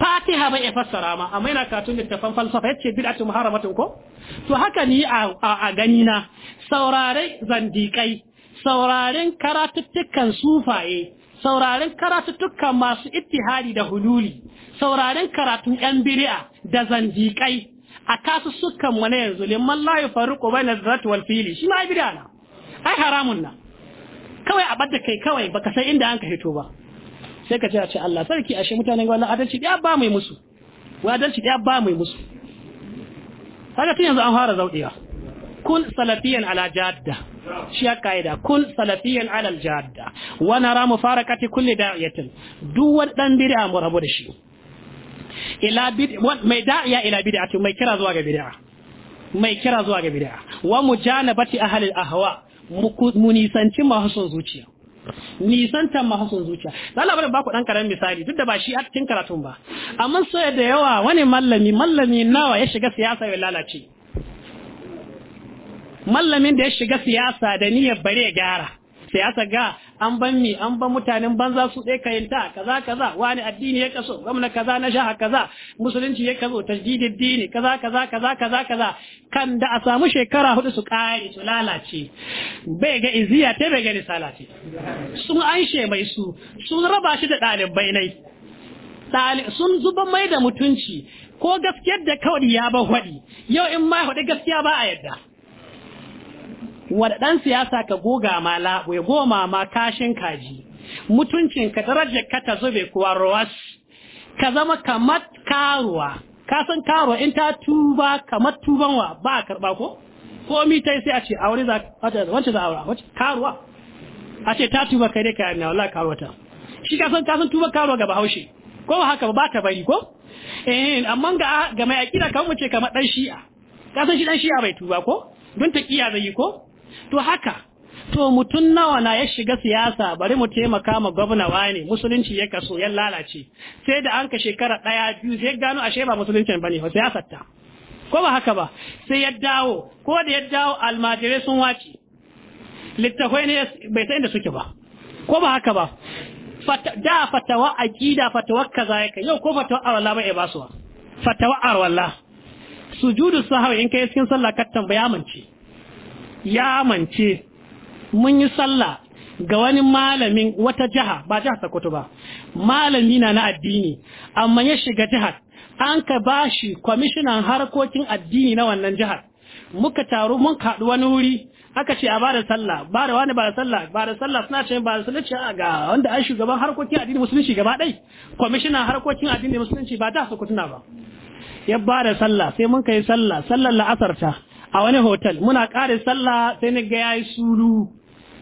Fatiha bai ya fassara ma amma yana karatun littafin falsafa yace bid'atu muharramatin ko to haka ni a gani na saurare zandikai sauraren karatuttukan sufaye sauraren karatuttuka masu ittihadi da hululi sauraren karatun yan biri'a da zandiƙai a kasussukan mu na yanzu liman faru ko bai dhat wal fili shi ma bid'a na ai haramun na kawai a badda kai kawai baka san inda an ka hito ba sai ka ce a ce Allah sarki ashe mutanen ga wannan adalci ya ba mai musu wa adalci ya ba mai musu kaga tun yanzu an fara zaudewa kun salafiyan ala jadda shi ya kaida kun salafiyan ala jadda wa nara mufarakati kulli da'iyatin duk wani dan bid'a mu rabu da shi ila bid'a mai da'iya ila bid'ati mai kira zuwa ga bid'a mai kira zuwa ga bid'a wa mujanabati ahli al-ahwa mu nisanci masu zuciya nisantar mahasun zuciya za a ba ku ɗan karen misali duk da ba shi a cikin karatun ba amma so da yawa wani mallami mallami nawa ya shiga siyasa ya lalace mallamin da ya shiga siyasa da niyyar bare gyara siyasa ga an ban mi an ban mutanen banza su ɗaya kayanta kaza kaza wani addini ya kaso gwamna kaza na shaha kaza musulunci ya kaso tajdidin dini kaza kaza kaza kaza kaza kan da a samu shekara hudu su kare su lalace bai ga iziya ta bai ga risala ce sun anshe mai su sun raba shi da ɗalibai nai sun zuba mai da mutunci ko gaskiyar da kawai ya ba hwaɗi yau in ma hwaɗi gaskiya ba a yadda wanda dan siyasa ka goga ma labo ya goma ma kashin kaji mutuncin ka darajar ka ta zobe kuwa rawas ka zama kamar karuwa ka san karuwa in ta tuba kamar tubanwa wa ba karba ko komi ta sai a ce aure za wacce za aura wacce karuwa a ce ta tuba kai dai ka na wallahi karuwa ta shi ka san ka san tuba karuwa ga bahaushe ko ba haka ba ta bari ko eh amma ga ga mai akida kan mu ce kamar dan shi'a ka san shi dan shi'a bai tuba ko don ta kiya zai yi ko to haka to mutum nawa na ya shiga siyasa bari mu taimaka ma gwamna wani musulunci ya kaso ya lalace sai da an ka shekara ɗaya biyu sai gano ashe ba musuluncin bane ba siyasar ta ko ba haka ba sai ya dawo ko da ya dawo almajirai sun wace littafai ne bai san inda suke ba ko ba haka ba da fatawa aqida fatawa kaza yake yau ko fatawa ba bai basuwa fatawa arwalla sujudu sahawi in kai cikin sallah ka tambaya mance ya amince mun yi sallah ga wani malamin wata jiha ba ta Sokoto ba malami na na addini amma ya shiga jihar an ka bashi kwamishinan harkokin addini na wannan jihar muka taru mun kaɗu wani wuri aka ce a ba da sallah ba da wani ba da sallah ba da sallah suna ce ba da sallah ce ga wanda an shugaban harkokin addini musulunci gaba ɗai kwamishinan harkokin addini musulunci ba ta su kutuna ba ya ba da sallah sai mun kai sallah sallar la'asar ta a wani hotel muna ƙare sallah sai na ga ya yi sulu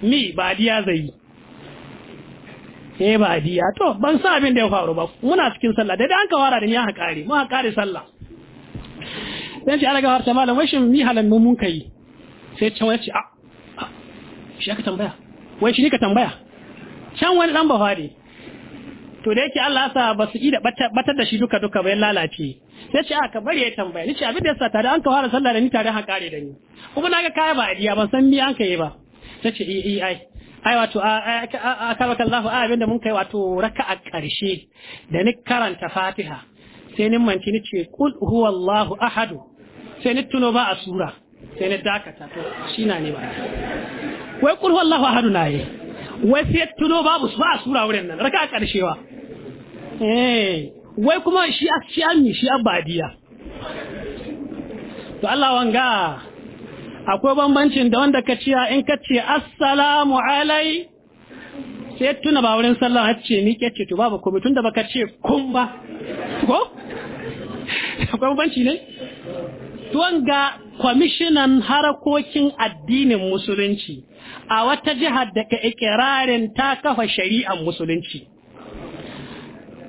mi ba diya zai eh ba diya to ban sa abin da ya faru ba muna cikin sallah dai an ka wara da ni aka ƙare mu aka ƙare sallah sai ce ana gafar ta malam wai shin mi halan mun kai sai can wani ce a ah, ah. shi aka tambaya wai shi ne ka tambaya can wani dan bafari to da yake Allah sa ba su yi da batar da shi duka duka bayan lalace sai ce aka bari ya tambaya ni ce abin da yasa tare an ka fara sallah da ni tare ha kare da ni kuma na ga kaya ba adiya ban san me an kai ba ta ce eh ai ai wato a karaka Allah a abin da mun kai wato raka'a karshe da ni karanta Fatiha sai ni manci ni ce kul huwallahu ahad sai ni tuno ba a sura sai ni dakata to shi na ne ba wai kul huwallahu ahad na yi wai sai tuno babu ba a sura wurin nan raka karshewa eh, wai kuma shi a shi an shi abadiya to Allah wanga akwai bambancin da wanda ka ciya in ka ce assalamu alai sai tuna ba wurin sallah har ce ni ke ce to babu komai tunda baka ce kun ba ko akwai bambanci ne to wanga kwamishinan harakokin addinin musulunci a wata jihar da ka ikirarin ta kafa shari'ar musulunci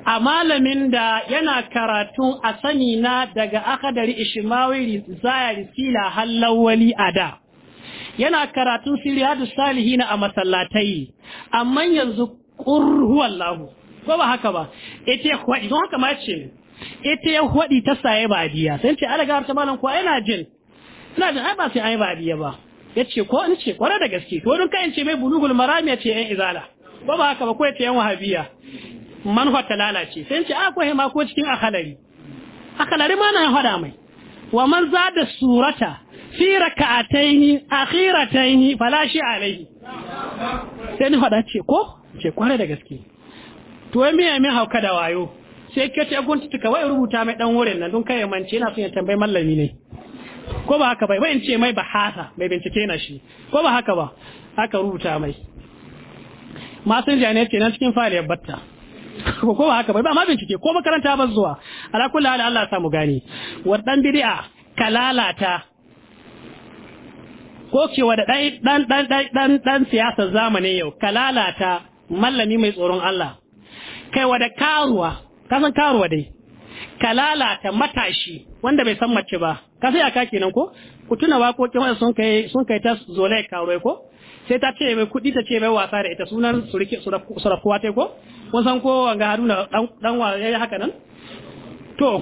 a malamin da yana karatu a sani na daga akadari ishimawiri zayari sila hallawali a da yana karatun salihi na a masallatai amma yanzu lahu ko ba haka ba ita ya kwaɗi don haka ma ce ita ya kwaɗi ta saye badiya sai ce ana gawar ta malam kuwa yana jin ina jin ai ba sai ba a badiya ba yace ko ni ce kware da gaske to dun kai ce mai bulugul maram ya ce yan izala ba ba haka ba ko ya ce wahabiya manfa ta lalace sai ce a ko hima ko cikin akhalari akhalari ma na hada mai wa man zada surata fi raka'ataini akhirataini fala shi alaihi sai ni hada ce ko ce kware da gaske to mai mai mai hauka da wayo sai kace ka wai rubuta mai dan wurin nan don kai mance yana son ya tambayi mallami ne ko ba haka bai in ce mai bahasa mai bincike na shi ko ba haka ba haka rubuta mai masinja ne ce na cikin fayil ya batta ko ba haka bai ba ma bincike ko makaranta ba zuwa ala kullu hal Allah ya samu gani wadan bid'a kalalata ko cewa da dan dan dan dan siyasa zamanin yau kalalata mallami mai tsoron Allah kai wa da karuwa ka san karuwa dai kalalata matashi wanda bai san mace ba ka sai aka kenan ko ku tuna waƙoƙin wanda sun kai sun kai ta zole karo ko sai ta ce mai kuɗi ta ce mai wasa da ita sunan surike surakuwa ta ko kun san ko ga haruna dan wa yayi haka nan to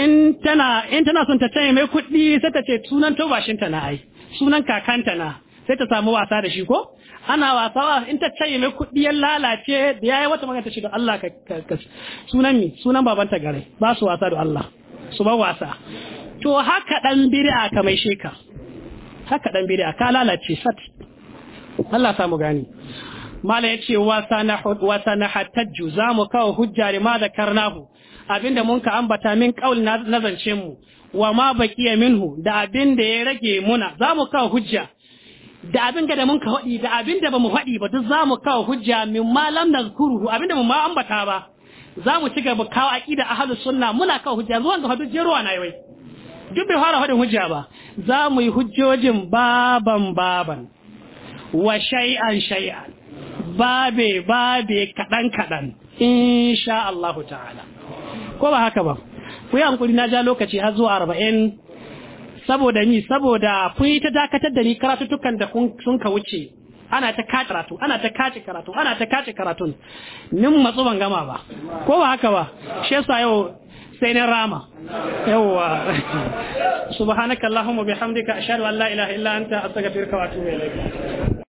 in tana in tana son ta taya mai kuɗi sai ta ce sunan tobashin ta na ai sunan kakanta na sai ta samu wasa da shi ko ana wasawa in ta taya mai kuɗi ya lalace da yayi wata magana ta ce da Allah ka sunan mi sunan babanta gare ba su wasa da Allah su ba wasa to haka dan bid'a ka mai sheka haka dan bid'a ka lalace sat Allah samu gani mala yace wa sanahu wa sanahataju zamu kawo hujja ma da karnahu abinda mun ka ambata min na zance mu wa ma bakiya minhu da abinda ya rage muna zamu kawo hujja da abin da mun ka haɗi, da abin da ba mu haɗi ba duk za mu kawo hujja min malam na nazkuruhu abin da mu ma ambata ba za mu ci gaba kawo a ahlus sunna muna kawo hujja zuwan ga hadu jeruwa na yawai duk bai fara faɗin hujja ba za mu yi hujjojin baban baban wa shay'an shay'an babe babe kaɗan kaɗan insha Allah ta'ala ko ba haka ba ku yi hankuri na ja lokaci har zuwa arba'in saboda ni saboda kun yi ta dakatar da ni karatuttukan da sun ka wuce ana ta kace karatu ana ta kace karatu ana ta kace karatun nin matsu ban gama ba ko ba haka ba shi yasa yau سين راما هو سبحانك اللهم وبحمدك اشهد ان لا اله الا انت استغفرك واتوب اليك